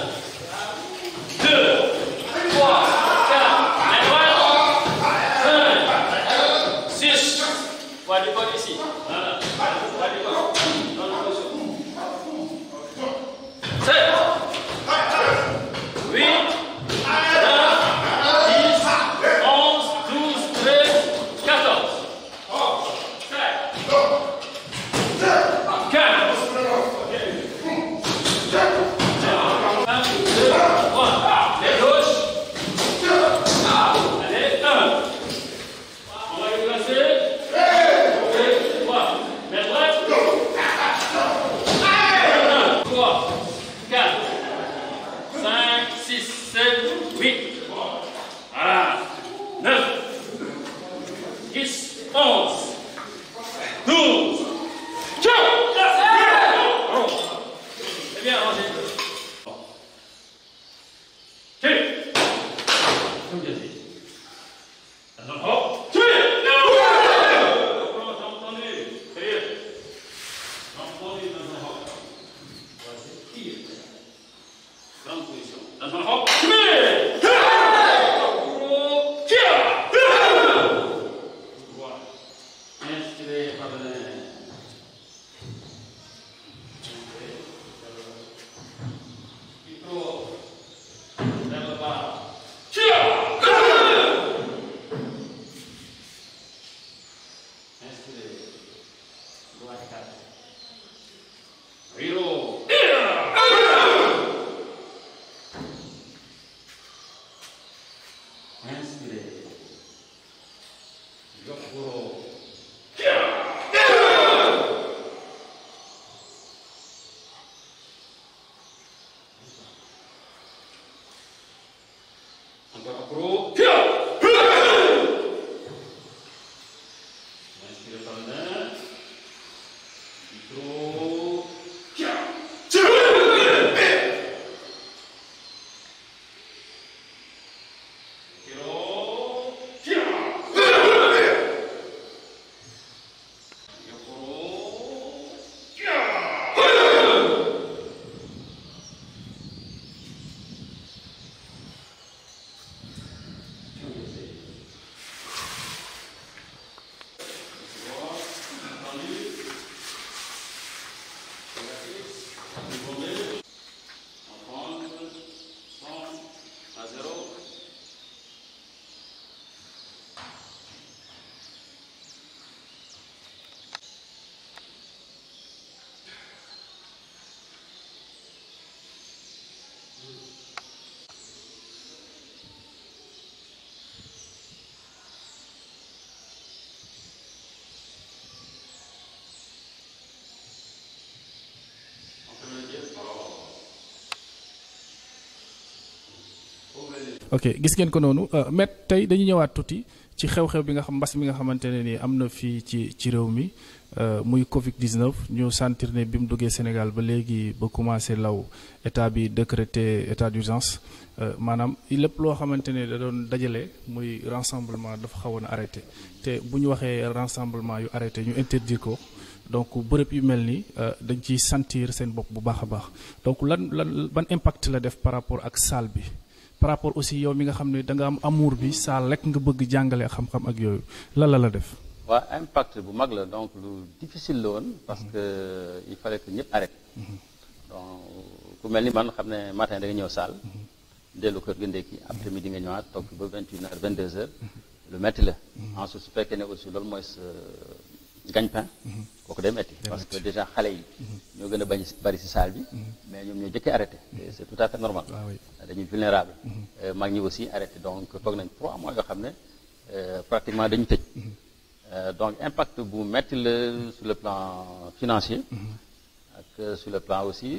ok gis ngeen ko noonu euh, maître tey dañu ñëwaat tuuti ci xew-xew bi nga xam mbas mi nga xamante ne ni am na fii ci ci réew mi euh, muy Covid 19 ñu sentir ne bi mu duggee Sénégal ba léegi ba commencé law état bi décrété état d'urgence euh, maanaam lépp loo xamante ne da doon dajale muy rassemblement dafa xawoon arrêté te bu ñu waxee rensemblement yu arrêté ñu interdire ko. donc bërëb yu mel ni dañ ciy sentir seen bopp bu baax a baax donc lan lan ban impact la def par rapport ak salle bi. par rapport aussi yow mi nga xam ne da nga am amour bi saa lekk nga bëgg jàngale xam-xam ak yooyu lan la la def. waa impact bu mag la donc lu difficile la woon. parce que il fallait que ñëpp arrêté. donc ku mel ni man xam ne matin da ñëw salle. dellu kër ga ndékki après midi nga ñëwaat toog ba vingt une heures vingt deux heures. lu metti la. Mm-hmm. ensuite su fekkee ne aussi loolu mooy sa gagne-pain mhm. kooku day metti parce que déjà xale yi mhm. ñoo gën a bañ bari si salle bi mhm. mais ñoom ñoo jëkkee arrêté c'est tout à fait normal ah euh, dañuy vulnérable euh, mag ñi aussi arrêté donc toog nañ trois mois yoo xam ne euh, pratiquement dañu tëj donc impact bu metti la sur le plan financier ak sur le plan aussi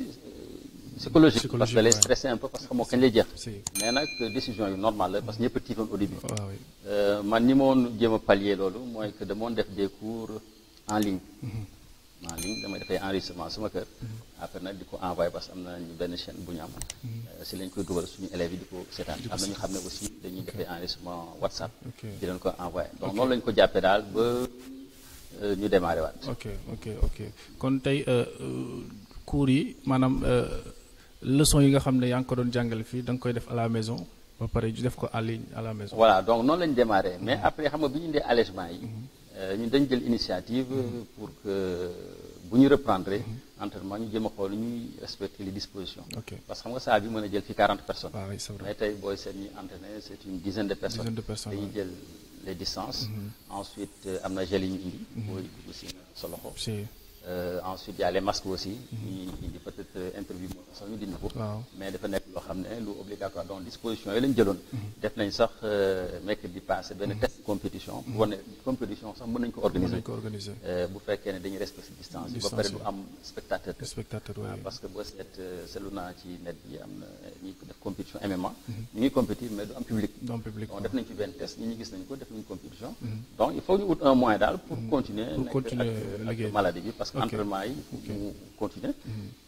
psychologique parce que lay stressé un parce que moo kañ lay jeex mais décision yu normale la parce que ñëpp tiitoon au début ah man ni moon jéem a pallier en ligne. en ligne damay dafay enregistrement sama kër. après nag di ko envoyé parce am na ñu benn chaîne bu ñu am. Euh, si lañ koy dugal suñu élève yi di ko seetaan am na ñu xam ne aussi dañuy defee enregistrement WhatsApp. di leen ko envoyé donc noonu lañ ko jàppee daal ba euh, ñu démarré waat. ok ok kon tey euh, cours yi maanaam leçon yi nga xam ne yaa ngi ko doon jàngale fii da nga koy def à la maison. ba pare def ko en ligne à la donc noonu lañ démarré mais mhm. après xam nga bi ñu indee allègement yi. Mhm. Euh, ñun dañ jël initiative pour que bu ñu reprendre entraînement ñu jëm a xool ñuy respecter les dispositions. parce que xam nga saa bi mën a jël fi 40 personnes. Ah mais tey booy seet ñuy entraîner c' est une dizaine de personnes. dañuy jël les distances. Mm-hmm. ensuite euh, am na gel yi ñu indi. Mm-hmm. booy aussi sa loxo. Euh, ensuite y a les masques aussi. ñu euh, interview moom sax ñu dindi ko. mais dafa nekk loo xam ne lu obligatoire donc disposition yi lañ jëloon. Mm-hmm. def nañ sax euh, mercredi passé benn mm-hmm. test compétition. bu mm-hmm. wane compétition sax mën nañ ko organiser. bu fekkee ne dañuy respecter distance yi. ba pare du am spectateur. spectateur ah, parce que boo seet seetlu naa ci net bi am na def compétition MMA. ñu ngi compétir mais du am public. def nañ ci benn test ñi ñu entraînement yi mu continuer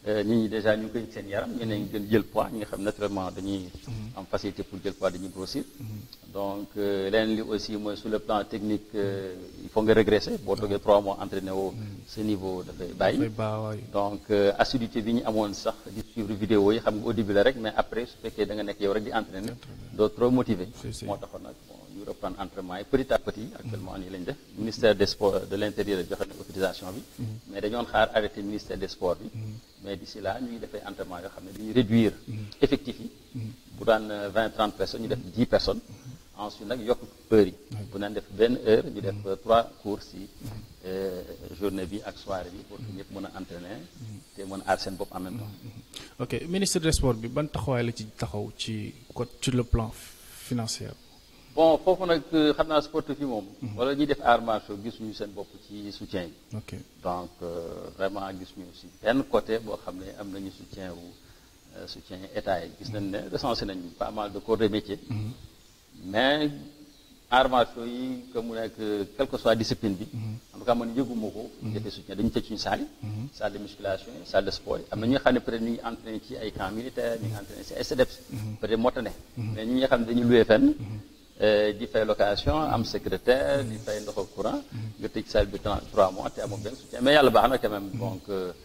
euh, nit ñi déjà ñu ngi koy seen yaram ñeneen ñu gën jël poids ñi nga xam naturellement dañuy mhm. am facilité pour jël poids dañuy grossir mhm. donc euh, leneen li aussi mooy su le plan technique euh, il faut nga régresser boo toogee trois mois entraîné woo ce mhm. niveau dafay bàyyi donc assiduité bi ñu amoon sax di suivre vidéo yi xam nga au début la rek mais après su fekkee da nga nekk yow rek di entraîné doo trop motivé moo taxoon nag ñu reprendre entraînement yi petit à petit actuellement nii lañ def ministère des sports de l'intérieur joxe na autorisation bi mm-hmm. mais dañoon xaar arrêté ministère de sports bi mm-hmm. mais d'ici là ñu ngi defay yoo xam ne dañuy réduire mm-hmm. effectif yi bu daan 20 euh, 30 personnes ñu def 10 personnes ensuite nag yokk heures yi bu naan def benn heure ñu def trois cours si euh, journée bi ak soirée bi pour que ñëpp mën a entraîner te mën a seen bopp en même temps ok ministre des sports bi ban taxawaay la ci taxaw ci côté ci le plan financier bon foofu nag euh, xam naa sportif yi moom. Mhm. wala ñuy def arts gis ñu seen bopp ci soutien yi. ok donc euh, vraiment gisuñu aussi benn côté boo xam ne am nañu soutien wu euh, soutien état yi gis nañ ne mhm. recensé nañu pas mal de corps de métier. Mhm. mais arts martiaux yi que mu nekk quelle que soit discipline bi. en tout cas man ko. defee soutien dañu tëj suñu salle yi. salle de musculation yi salle de sport yi am na ñi nga xam ne peut être ñu ngi entraîné ci ay camps militaires ngi entraîné ci ay SEDEPS. peut ne. mais ñi nga xam ne dañuy loué fenn. Euh, di fay location am secrétaire di fay ndoxu courant mhm. nga tëj salle bi trois mois te amoo benn soutien mais yàlla ba na quand même mhm. donc euh,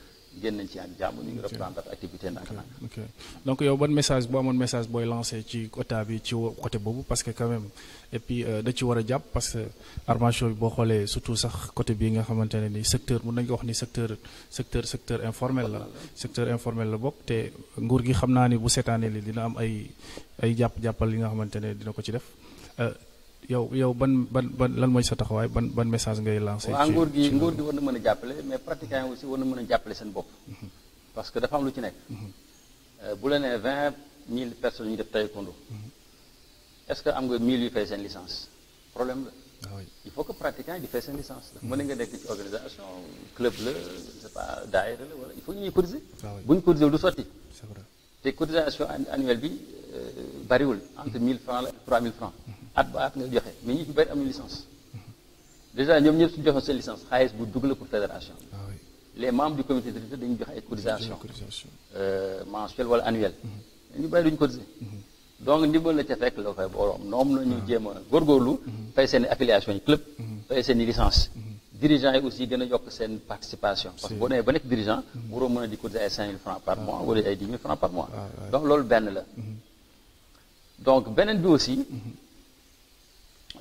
génn ci ak jàmm ñu ngi reprendre activité ndànk ndànk ok yow ban message boo amoon message booy lancé ci état bi ci côté boobu parce que quand même et puis euh, da ci war a jàpp parce que armation bi boo xoolee surtout sax côté bii nga xamante ne ni secteur mun nañ ko wax ni secteur secteur secteur informel la secteur informel la bokk te nguur gi xam naa ni bu seetaanee li dina am ay ay jàpp-jàppal li nga xamante ne dina ko ci def Euh, yow yow ban ban ban lan mooy sa taxawaay ban ban message ngay lancé. waaw nguur gi nguur gi war na mën a jàppale mais pratiquants yi aussi war na mën a jàppale seen bopp. Mhm. parce que dafa am lu ci nekk. Mhm. Euh, bu la nee vingt mille personnes ñu def taekwondo. Mhm. est-ce que am nga mille yu fay seen licence problème la. Ah oui. il faut que pratiquant yi fay seen licence la mën nga nekk ci organisation club la c'est pas daayira la wala il faut ñuy cotiser ah bu ñu te cotisation annuelle bi euh, bariwul entre mille francs la trois at ba at nga joxe mais ñi ci bëri amuñu licence déjà ñoom ñëpp suñu joxoon seen licence xaalis bu dugg la pour fédération ah les membres du comité de euh, mhm. ñu bëri duñu cotiser mhm. donc ndimbal la ca fekk la fay borom noom na ñu ah. jéem a góorgóorlu mhm. fay seen affiliation yi yi aussi gën a yokk seen participation parce que boo demee ba nekk dirigeant waroo mën a di cotiser ay cinq mille francs par ah. mois wala ay dix mille francs par mois donc loolu benn la donc beneen bi aussi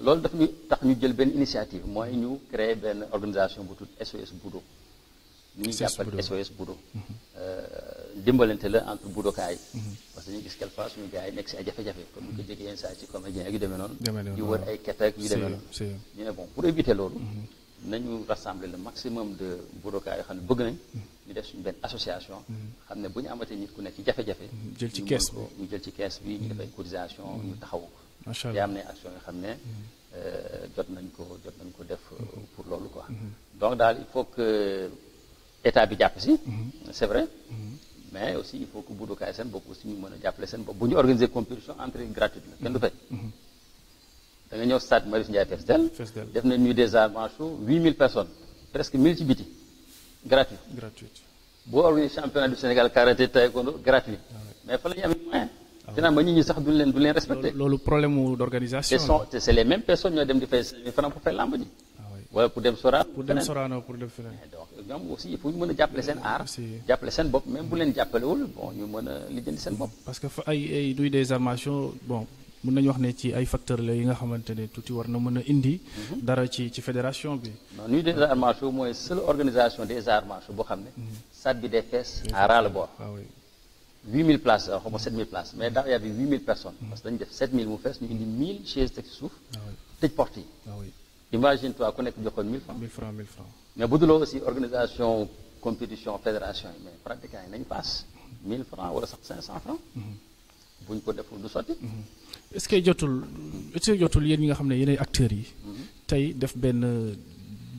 loolu daf ñu tax ñu jël benn initiative mooy ñu créer benn organisation bu tudd SOS Budo ñu ñu jàppal SOS Budo mhm. euh, dimbalante la entre budokaay mhm. parce que ñu gis quelquefois suñu gars yi nekk si a jafe-jafe comme ñu ko jege yenn noonu yu wër ket ak yu demee noonu ñu ne bon pour éviter loolu mhm. nañu rassembler le maximum de budokaay yoo xam ne bëgg nañ ñu def suñu benn association xam ne bu ñu amatee ñi ku nekk ci jafe-jafe jël ci kees bi ñu jël ci kees bi ñu def ay cotisation ñu taxaw macha allah am na action yoo xam ne mm-hmm. euh, jot nañ ko jot nañ ko def mm-hmm. pour loolu ko mm-hmm. donc daal il faut que état bi jàpp si c'est vrai mais aussi il faut que buddukaay seen bopp aussi ñu mën a jàppale seen bopp bu ñu organiser compétition entrée gratuite la kenn du fay da nga ñëw stade Marius Ndiaye Fesdel def na nuit des arts martiaux huit mille personnes presque mille ci biti gratuit gratuit boo organiser championnat du Sénégal karaté taekwondo gratuit ah mais fa la amee dina ba nit ñi sax duñ leen du leen respecté. loolu problème mu d'organisation la te c'est les mêmes personnes ñoo dem di fay mille francs pour fay làmb ji. Ah wala eh, ñu mën a jàppale seen aar. jàppale seen bopp même bu leen jàppalewul bon a seen bopp. parce que fa ay ay luy des armations bon. nañu wax ne ci ay facteurs la yi nga xamante ne tuuti war na mën a indi. Mhm. dara ci ci fédération bi. non nuyu des arts martiaux organisation des arts boo xam ne. Mhm. stade bi day fees à 8000 places xaw ma 7000 places mais daaw y avait 8000 personnes. parce que dañu def 7000 mu fees ñu indi 1000 chaises teg suuf. Ah tëj porte ah imagine toi ku nekk joxoon 1000 francs 1000 francs 1000 mais bu duloo aussi organisation compétition fédération yi mais pratiquement yi nañu paas 1000 francs wala sax 500 francs mhm. bu ñu ko deful du sotti. Mhm. est-ce que jotul est-ce que jotul yéen ñi nga xam ne yéenay acteurs yi. Mhm. tey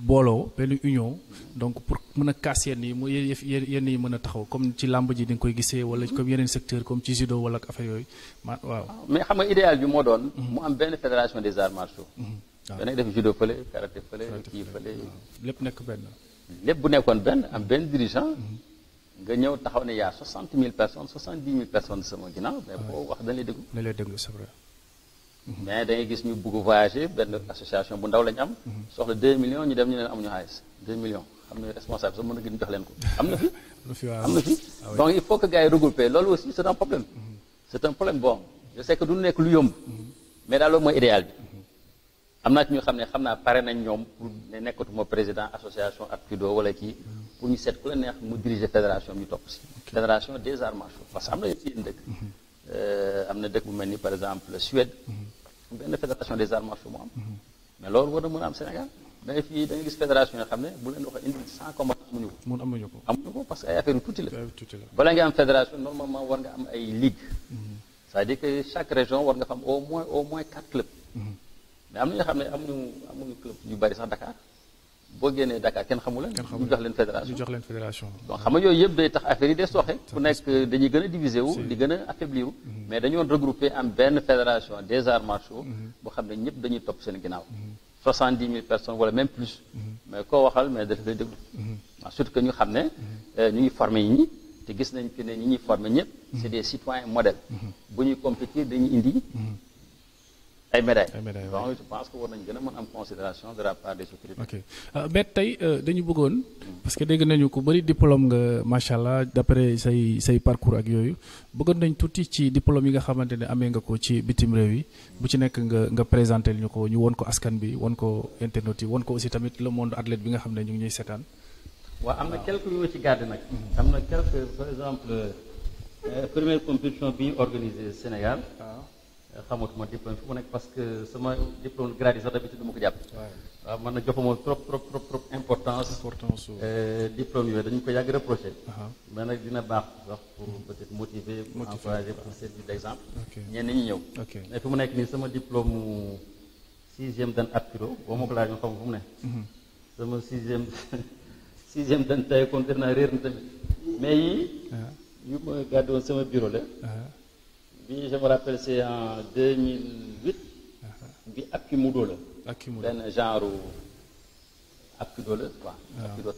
booloo benn union donc pour mën a kaas yenn yi mu yenn yi mën a taxaw comme ci làmb ji di koy gisee wala comme yeneen secteur comme ci judo wala affaire yooyu ma waaw. mais xam nga idéal bi moo doon. Mhm. mu am benn fédération des arts martiaux. Mhm. waaw da ngay def judo fële karaté fële kii fële. lépp nekk benn. lépp bu nekkoon benn am benn dirigeant. Mhm. nga ñëw taxaw ne yaa soixante mille personnes soixante dix mille personnes sama ginnaaw. mais boo wax dañ lay déglu. lay déglu c'est vrai. Mhm. mais da gis ñu bugg voyager benn association bu ndaw lañ am. Mhm. soxla 2 millions ñu dem ñu am amuñu xaalis 2 millions am na responsable sax mën na gën jox leen ko. am na fi (laughs) am ah donc il faut que gars yi regroupé loolu aussi c' est un problème. Mhm. c' est problème bon je sais que du nekk lu yomb. mais daal loolu mooy idéal bi. am naa ci ñoo xam ne xam naa pare nañ ñoom pour ne nekkatuma président association ak Fido wala kii pour ñu set ku la neex mu diriger fédération ñu topp si. fédération des arts parce que am na ci yeneen dëkk. Euh, am na dëkk bu ni par exemple Suède. benn fédération des arts martiaux mu am. mais loolu war na mën a am Sénégal mais fii da nga gis fédération yoo xam ne bu leen waxee indi sans combat amuñu ko. mun parce que ay affaire yu tuuti la. bala nga am fédération normalement war nga am ay ligue c'est-à-dire que chaque région war nga fa am au moins au moins quatre clubs. Mm-hmm. mais am na ñoo xam ne amuñu amuñu club yu bari sax Dakar. boo génnee Dakar kenn xamu leen. ñu jox leen fédération donc xam yooyu yëpp day tax affaire yi day sooxe. ku nekk dañuy gën a diviser wu. di gën a affaiblir wu. Mhm. mais dañoo regroupé am benn fédération des arts martiaux. Mhm. boo xam ne ñëpp dañuy topp seen ginnaaw. Mhm. soixante dix mille personnes wala même plus. mais koo waxal mais daf lay déglu. surtout que ñu xam ne euh, ñu ngi yi ñi te gis nañ que ne ñi ñuy formé ñëpp. c'est des citoyens modèles. bu ñuy compétir dañuy indi. ay médailles ay médailles donc je pense que war nañ gën a mën am considération de la part des autorités. ok bet euh, tey euh, dañu bëggoon. parce que dégg nañu ku bëri diplôme nga macha allah d'après say say parcours ak yooyu bëggoon nañ tuuti ci diplôme yi nga xamante ne amee nga ko ci bitim réew yi bu ci nekk nga nga présenté ñu ko ñu won ko askan bi won ko internautes yi won ko aussi tamit le monde athlète bi nga xam ne ñu ngi ñuy seetaan. waaw am na quelques yu ma ci gàdd nag. Mhm. am na quelques par exemple euh, première compétition bi ñu organisé Sénégal. Ah. xamatuma diplôme fu mu nekk parce que sama diplôme grade yi sax d'habitude du ma ko jàpp. waaw man na joxuma trop trop trop trop importance. importance euh, diplôme yooyu dañu ko yàgg reproché. mais nag dina baax sax pour peut-être motiver. motiver mais fu mhm. (laughs) yu ma gàddoon sama bureau la. bi je me rappelle c'est en 2008. bi Akimoudou la. Akimoudou benn genre Akido ah. la quoi. Akido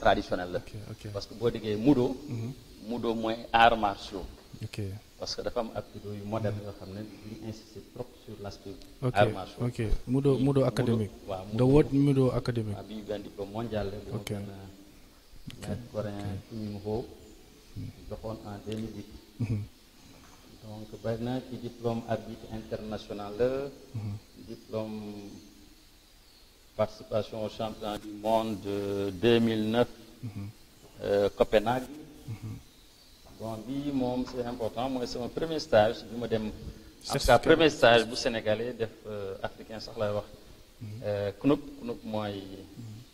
parce que boo diggee Mudo. Mhm. Mudo mooy art martiaux. ok parce que dafa am Akido yu moderne yoo xam ne ñu insisté trop sur l' art martiaux ok Mudo Mudo académique. waaw Mudo Mudo académique. bi ñu benn diplôme mondial la. ok euh, ok coréen Kim Min Ho hmm. joxoon donc bari na ci diplôme arbitre international la. Mhm. diplôme participation au championnat du monde de mhm. euh, Copenhague. Mhm. bon moom c' important mooy sama premier ma dem. en tout premier stage bu sénégalais def euh, africain sax lay wax. Euh, CNUP CNUP mooy.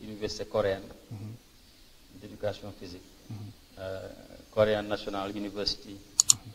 université coréenne. d' éducation physique. Korean National University.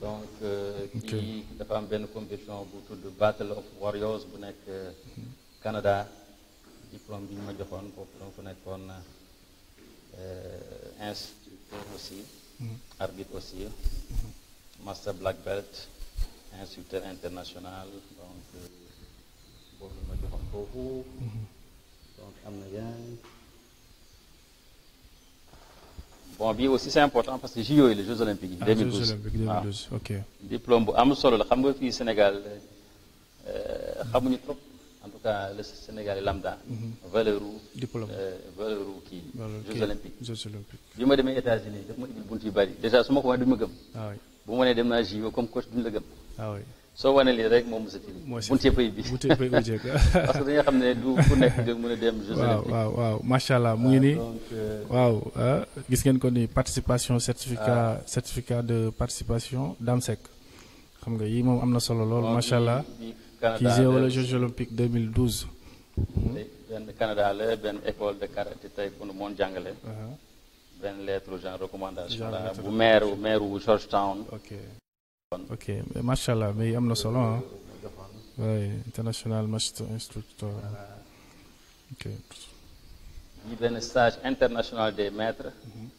donc euh, kii dafa am benn compétition bu tudd Battle of Warriors bu nekk euh, mhm. Canada diplôme bi ma joxoon boobu dama fa nekkoon euh, instructeur aussi mhm. arbitre aussi mhm. master black belt instructeur international donc boobu ñu ma joxoon foofu donc am bon bi aussi c'est important parce que JO yi les Jeux olympiques yi. Ah, 2012 Jeux olympiques 2012 ok. diplôme bu am solo la xam nga fii Sénégal euh, xamuñu trop en tout cas le Sénégal lambda. Mm-hmm. valeur u. diplôme euh, valeur u kii. valeur kii Jeux olympiques bi ma demee États-Unis daf ma indil bunt yu bari déjà su ma ko waxee duñ ma gëm. waaw ah bu ma nee dem naa JO comme coach duñ la soo wanee lii rek moom mos a firi. moo si fay bi mu tee fay ujeek parce que dañoo xam ne du ku nekk a dem. waaw waaw macha allah mu ngi nii. Ah, euh, waaw ah, gis ngeen ko ni participation certificat ah. certificat de participation Dame Seck xam nga yii moom am na solo lool macha allah. kii Jeux wala Jeux olympiques 2012. benn Canada la benn école de karaté taekwondo moom jàngale. Uh-huh. benn lettre genre recommandation la bu maire maire wu Georgetown. ok macha allah mais am na solo ah. oui international master instructeur. ok. ñu benn stage international des maîtres. Mhm.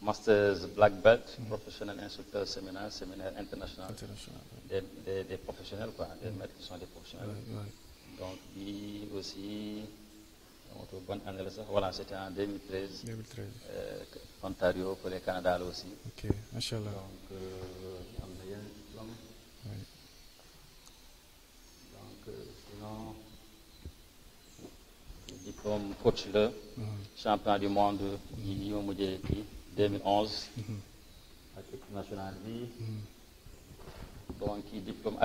masters black belt. Mhm. professionnel instructeur séminaire séminaire international. des des des professionnels quoi des mhm. maîtres qui sont des professionnels. donc bii aussi. sax voilà c' était en 2013. 2013 euh, Ontario pour les la aussi. ok macha allah ans, diplôme coach le, mm-hmm. champion du monde yi ñoo mujjee kii 2011.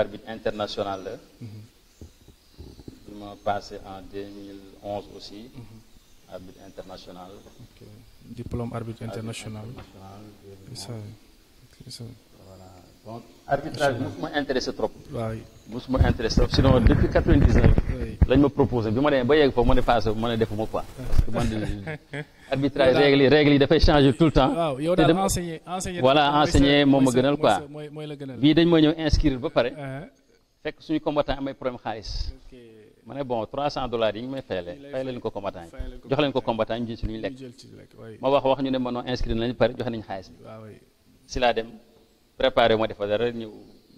arbitre international la. bi mm-hmm. ma passé en 2011 aussi. Mm-hmm. arbitre international. ok arbitre international. arbitre international. bon arbitrage mosuma intéressé trop. waaw mosuma intéressé trop sinon depuis 99. lañ ma proposé bi ma demee ba yegg foofu ma ne passé ma ne defuma quoi. parce que (laughs) dafay changer tout le temps. waaw yow daal enseigné enseigné voilà moom ma gënal quoi. mooy la bii dañ ma ñëw inscrire ba pare. Uh-huh. fekk suñu combattant amay problème xaalis. ma ne bon 300 dollars yi ñu may fayalee fayal ko combattant yi jox leen ko combattant ñu jël ci lu ñu lekk. ma wax wax ñu ne ma non inscrire nañ pare joxe nañ xaalis bi. si laa dem. préparé moo defa dara ñëw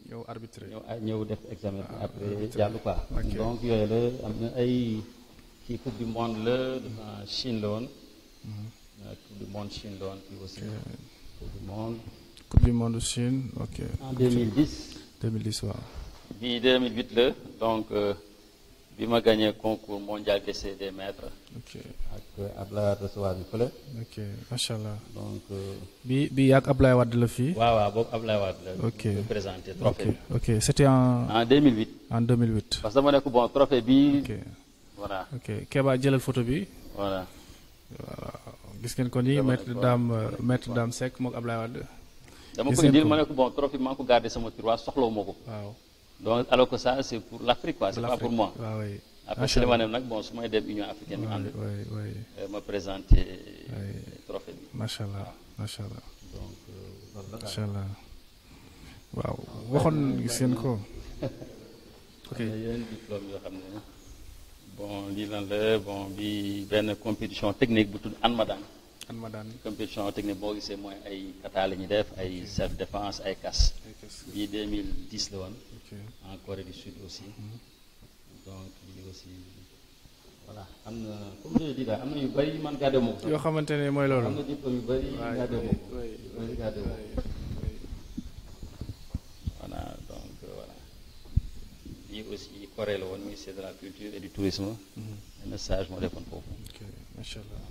ñëw arbitré ah, ñëw def examen ah, après jàll quoi donc yooyu la am na ay kii coupe du monde la devant Chine la woon mhm. ah, coupe du monde Chine la woon coupe du monde coupe du monde Chine ok en 2010 2010 waaw bii 2008 la donc euh, bi ma gagné concours mondial d'essai des maîtres. ok ak Ablaye bi fële. ok allah. donc. Euh, bi bi yàgg Ablaye Wade la fii. ok ok c'était en. en en parce que dama nekk bon trophée bi. ok voilà. jëlal photo bi. voilà. gis ngeen ko nii maître Dame maître Dame Seck moog Ablaye Wade. dama ko indil ma ne ko bon trophée bi maa ko gardé sama tiroir soxlawu ma ko. waaw. donc alors que ça c'est pour l'Afrique quoi c'est pas pour moi waaw oui après si nag bon su may dem Union africaine ñu euh, ma présenté trophée bi macha allah macha allah donc euh, macha allah waaw waxoon gis ko ok (laughs) yoo xam ne bon lii lan la bon bi benn compétition technique bu an Anmadan Anmadan compétition technique boo gisee mooy ay kata la ñuy def ay self défense ay kas bii 2010 la woon en Corée aussi. Mm. am na comme am yu bëri man gàdde moo yoo xamante ne mooy loolu. am na diplôme yu bëri gàdde moo ko. bëri gàdde moo aussi Corée la woon ministère de la culture et du tourisme. benn mhm. stage moo defoon foofu. ok macha allah.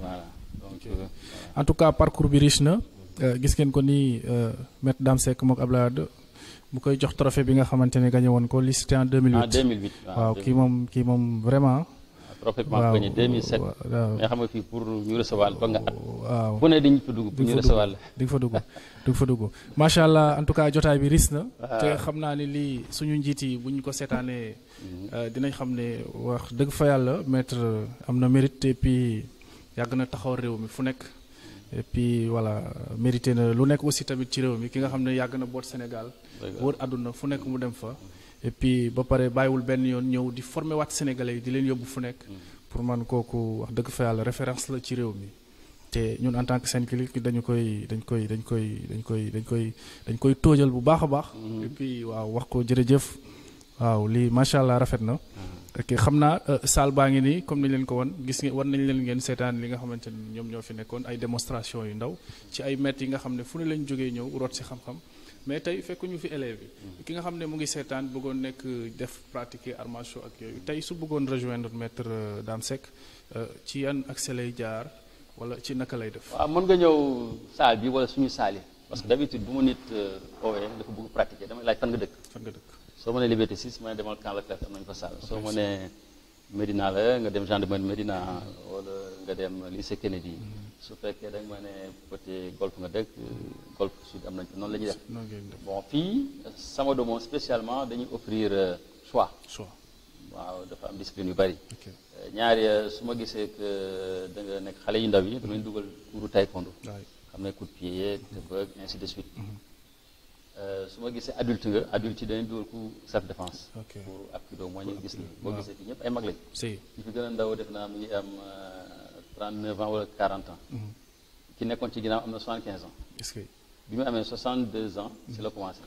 voilà donc euh, en tout cas parcours bi riche na euh, gis ngeen ko nii euh, maître Dame Seck mook Abdoulaye mu koy jox trophée bi nga xamante ne gagné woon ko li c'était en 2008 en 2008 waaw ki moom kii moom vraiment. Ah, trophée bi maa xam nga fii pour ñu recevoir ba nga at. waaw bu ne di fa dugg fa dugg macha allah en tout cas jotaay bi ris na. Ah. te xam naa ne lii suñu njiit yi bu ñu ko seetaanee. Mm-hmm. dinañ xam ne wax dëgg fa yàlla maître am na mérite et puis. yàgg na taxaw réew mi fu nekk et puis voilà mérité na lu nekk aussi tamit ci réew mi ki nga xam ne yàgg na boot Sénégal wër àdduna fu nekk mu dem fa et ba pare bàyyiwul benn yoon ñëw di former waat sénégalais yi di leen yóbbu fu nekk mm. pour man kooku wax dëgg fa yàlla référence la ci réew mi te ñun en tant que Senclic dañu koy dañ koy dañ koy dañ koy dañ koy dañ koy toojal bu baax a baax mm. et waaw wax ko jërëjëf waaw lii macha allah rafet na mm. ok xam naa euh, saal baa ngi nii comme ni leen ko won gis nga war nañ leen ngeen seetaan li nga xamante ni ñoom ñoo fi nekkoon ay démonstration yu ndaw ci ay maîtres yi nga xam ne fu ne lañ jógee ñëw root si xam-xam mais tey fekku ñu fi élève yi ki nga xam ne mu ngi seetaan bëggoon nekk def pratiquer arts ak yooyu tey su bëggoon rejoindre maître euh, Dame Seck euh, ci yan accès lay jaar wala ci naka lay def. waaw mën nga ñëw saal bi wala suñu saal yi parce que d'habitude bu ma nit oowee dafa bëgg pratiquer damay laaj fan nga dëkk. nga dëkk. soo mënee Liberté sis ma ne demal Camp Leclerc am nañu fa salle soo mënee Médina la nga dem gendarmerie Médina wala nga dem lycée Kennedy mm-hmm. su fekkee dañ nga ma ne côté golf nga dëkk golf sud am nañ noonu la ñuy def bon fii Samodo moom spécialement dañuy offrir euh, choix waaw dafa am discipline yu bari euh, ñaari su ma gisee que euh, da nekk xale yu ndaw yi dama leen dugal kuuru taekwondo xam na coup de pied mm-hmm. te bëgg ainsi de suite mm-hmm. Euh, su ma gisee adulte nga adulte yi dañuy dugal ku self défense. pour ak kii doomu ñu gis nii boo gisee fii ñëpp ay mag lañ. si fi gën a ndaw def naa mu ngi am 39 euh, ans wala 40 ans. Mhm. ki nekkoon ci ginnaaw am na 75 ans. est que bi mu amee 62 ans. si la mhm. commencé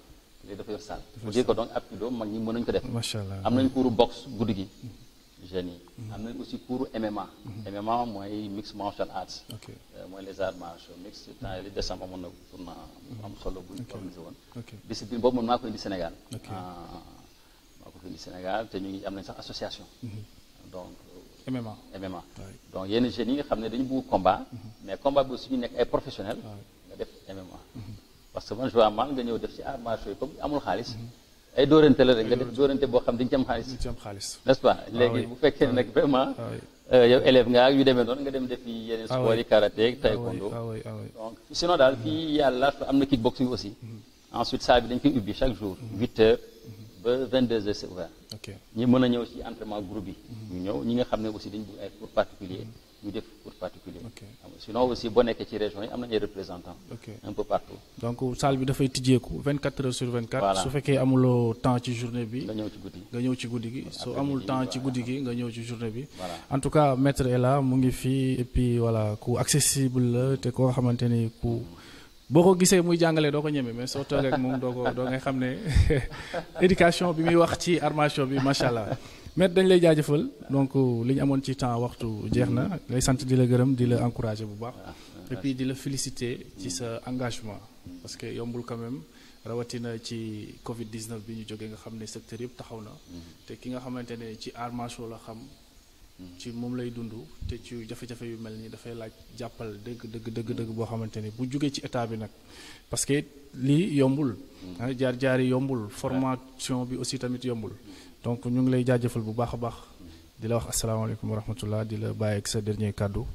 léegi dafa yor salle. dafa yor ko donc ab kii mag ñi mën nañ ko def. macha allah am nañu kuuru box guddi gi. Mhm. jeunes yi. Mm-hmm. am nañ aussi cours MMA. MMA mm-hmm. mooy mix martial arts. Euh, mooy les arts martiaux mix temps yii décembre amoon na tournoi am solo bu ñu organisé woon. discipline boobu man maa ko indi Sénégal. Ah, maa ko indi Sénégal te ñu ngi am nañ sax association. Mm-hmm. donc MMA. MMA donc yenn jeunes yi nga xam ne dañu bëgg combat. mais combat bi aussi ñu nekk ay professionnels. nga def MMA. parce que man je vois mal nga ñëw def ci arts martiaux yi comme amul xaalis. ay dóorante la rek nga def dóorante boo xam dañu ci am xaalis. nest pas. Ah léegi bu fekkee nag ah vraiment. Ah euh, yow élève nga ak yu demee noonu nga dem defi yeneen sport yi karaté ak taekwondo donc sinon daal fii mm-hmm. yàlla am na kickboxing aussi mm-hmm. ensuite saa bi dañ koy ubbi chaque jour mm-hmm. huit heures ba vingt deux heures c'est ouvert ñi mën a ñëw ci entraînement group yi ñu ñëw ñi nga xam ne aussi dañ bëgg ay cours particulier ñu def pour particulier sinon aussi boo nekkee ci région yi donc salle bi dafay tijjeeku 24 heures sur 24 su fekkee amuloo temps ci journée bi nga ñëw ci guddi nga ñëw ci guddi gi soo amul temps ci guddi gi nga ñëw ci journée bi en tout cas maître est là mu ngi fii et puis voilà ku accessible la te koo xamante ni ku boo ko gisee muy jàngalee doo ko ñemee mais soo toogee moom doo ko doo ngay xam ne (laughs) éducation bi muy wax ci armation bi macha allah. maître dañ lay jaajëfal donc euh, li ñu amoon ci temps waxtu jeex na lay sant di la gërëm di la encourager bu baax et di la féliciter ci sa engagement parce que yombul quand rawatina ci Covid 19 bi ñu jógee nga xam ne secteur yëpp taxaw na mm-hmm. te ki nga xamante ne ci arts martiaux la xam mm-hmm. ci moom lay dund te ci jafe-jafe yu mel nii dafay laaj jàppal dëgg dëgg dëgg boo xamante ni bu jógee ci état bi nag parce que lii yombul. Mm-hmm. Ah, jaar jaar yi yombul. formation bi aussi tamit yombul. donc ñu ngi lay jaajëfal bu baax a baax di la wax asalaamaaleykum wa rahmatullah di la bàyyi ak sa dernier kàddu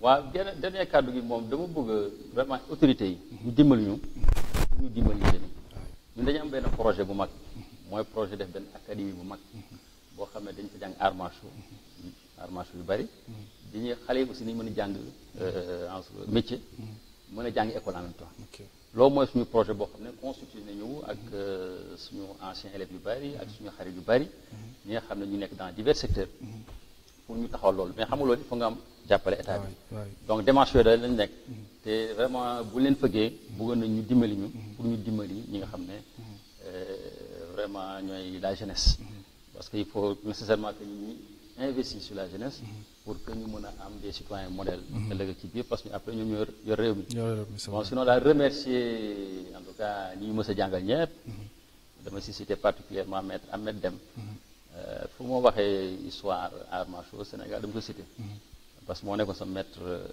waaw dernier kàddu gi moom dama bëgg vraiment autorité yi ñu dimbali ñu ñu dimbali ñu ñun dañu am benn projet bu mag mooy projet def benn académie bu mag boo xam ne dañu fa jàng arts martiaux yu bari dañuy xale yi aussi nañu mën a jàng euh, en métier mën a jàng école en loolu mooy suñu projet boo xam ne constitué nañu ak euh, suñu anciens élèves yu bari ak suñu xarit yu bari mm-hmm. ñi nga xam ne ñu nekk dans divers secteurs mm-hmm. pour ñu taxaw loolu mais xam nga loolu il faut nga am jàppale état bi ah donc démarche yooyu daal lañ nekk mm-hmm. te vraiment bu leen fëggee buggoon nañ ñu dimbali ñu pour ñu dimbali ñi nga xam ne euh, vraiment ñooy la jeunesse parce que il faut nécessairement que ñu investir sur la jeunesse mm-hmm. pour que ñu mën a am des citoyens modèles mm-hmm. ëllëg ci biir parce que après ñoom ñoo yor réew mi bon sinon daal remercier en tout cas ñi ñu mës a jàngal ñëpp mm-hmm. dama si cité particulièrement maître Ahmed dem foo moo waxee histoire arts martiaux au Sénégal dama ko cité parce que moo nekkoon sa maître euh,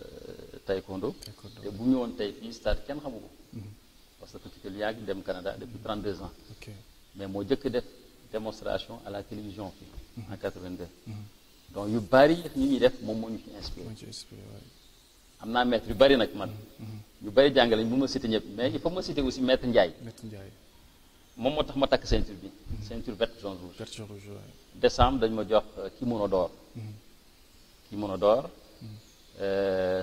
taekwondo te bu ñëwoon tey fii stade kenn xamu ko parce que tukki te lu yàgg dem Canada depuis 32 ans mais moo jëkk def démonstration à la télévision fii Mhm. en 82. Mhm. donc yu bari yi ñuy def moom moo ñu ci inspiré. am naa maître yu bari nag man. Mhm, yu bari jàngale bu ma cité ñëpp mais il faut ma cité aussi maître moom moo tax ma takk ceinture bi. ceinture verte jaune rouge. verte jaune rouge décembre dañ ma jox kimono d'or. kimono d'or.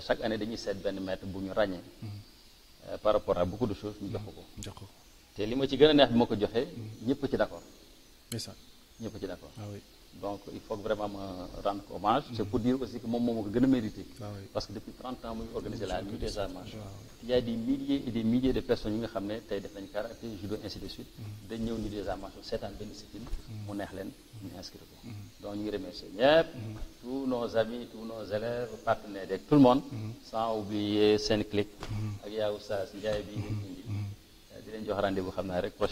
chaque année dañuy seet benn maître bu ñu ràññee. Euh, par rapport à beaucoup de choses ñu jox ko. jox te li ma ci gën a neex bi ma ko joxee. ñëpp ci d'accord. ñëpp ci d'accord. Ah donc il faut vraiment ma ko hommage. c' est pour dire aussi que moom moo ko gën a mérité. Ah parce que depuis 30 ans muy organiser la nuit des arts ah il y des milliers et des milliers de personnes yi nga xam ne tey def nañu karaté judo ainsi de suite. Mm-hmm. dañ ñëw nuit des arts martiaux seetaan benn discipline. Mm-hmm. mu neex leen ñu inscrire ko. Mm-hmm. donc ñu ngi remercier ñëpp. tous nos amis tous nos élèves partenaires yeeg tout le monde. sans oublier seen clic. ak yaa Oustaz Ndiaye bi. di leen jox naa rek a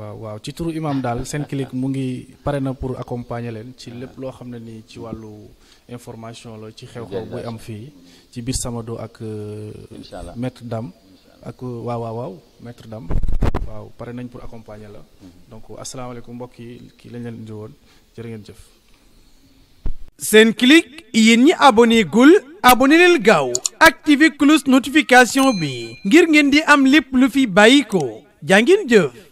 waaw waaw ci turu imam daal Senclic mu ngi pare na pour accompagner leen ci lépp loo xam ne ni ci wàllu information la ci xew-xew buy am fii ci biir sama do ak euh, maître Dame ak euh, waaw waaw waaw maître Dame waaw pare nañ pour accompagner la mm-hmm. donc asalaamaaleykum mbokk yi kii lañ leen indi woon jërë ngeen jëf Senclic yéen ñi abonné gul abonné gaaw activé cloche notification bi ngir ngeen di am lépp lu fi bàyyi ko jaa ngeen jëf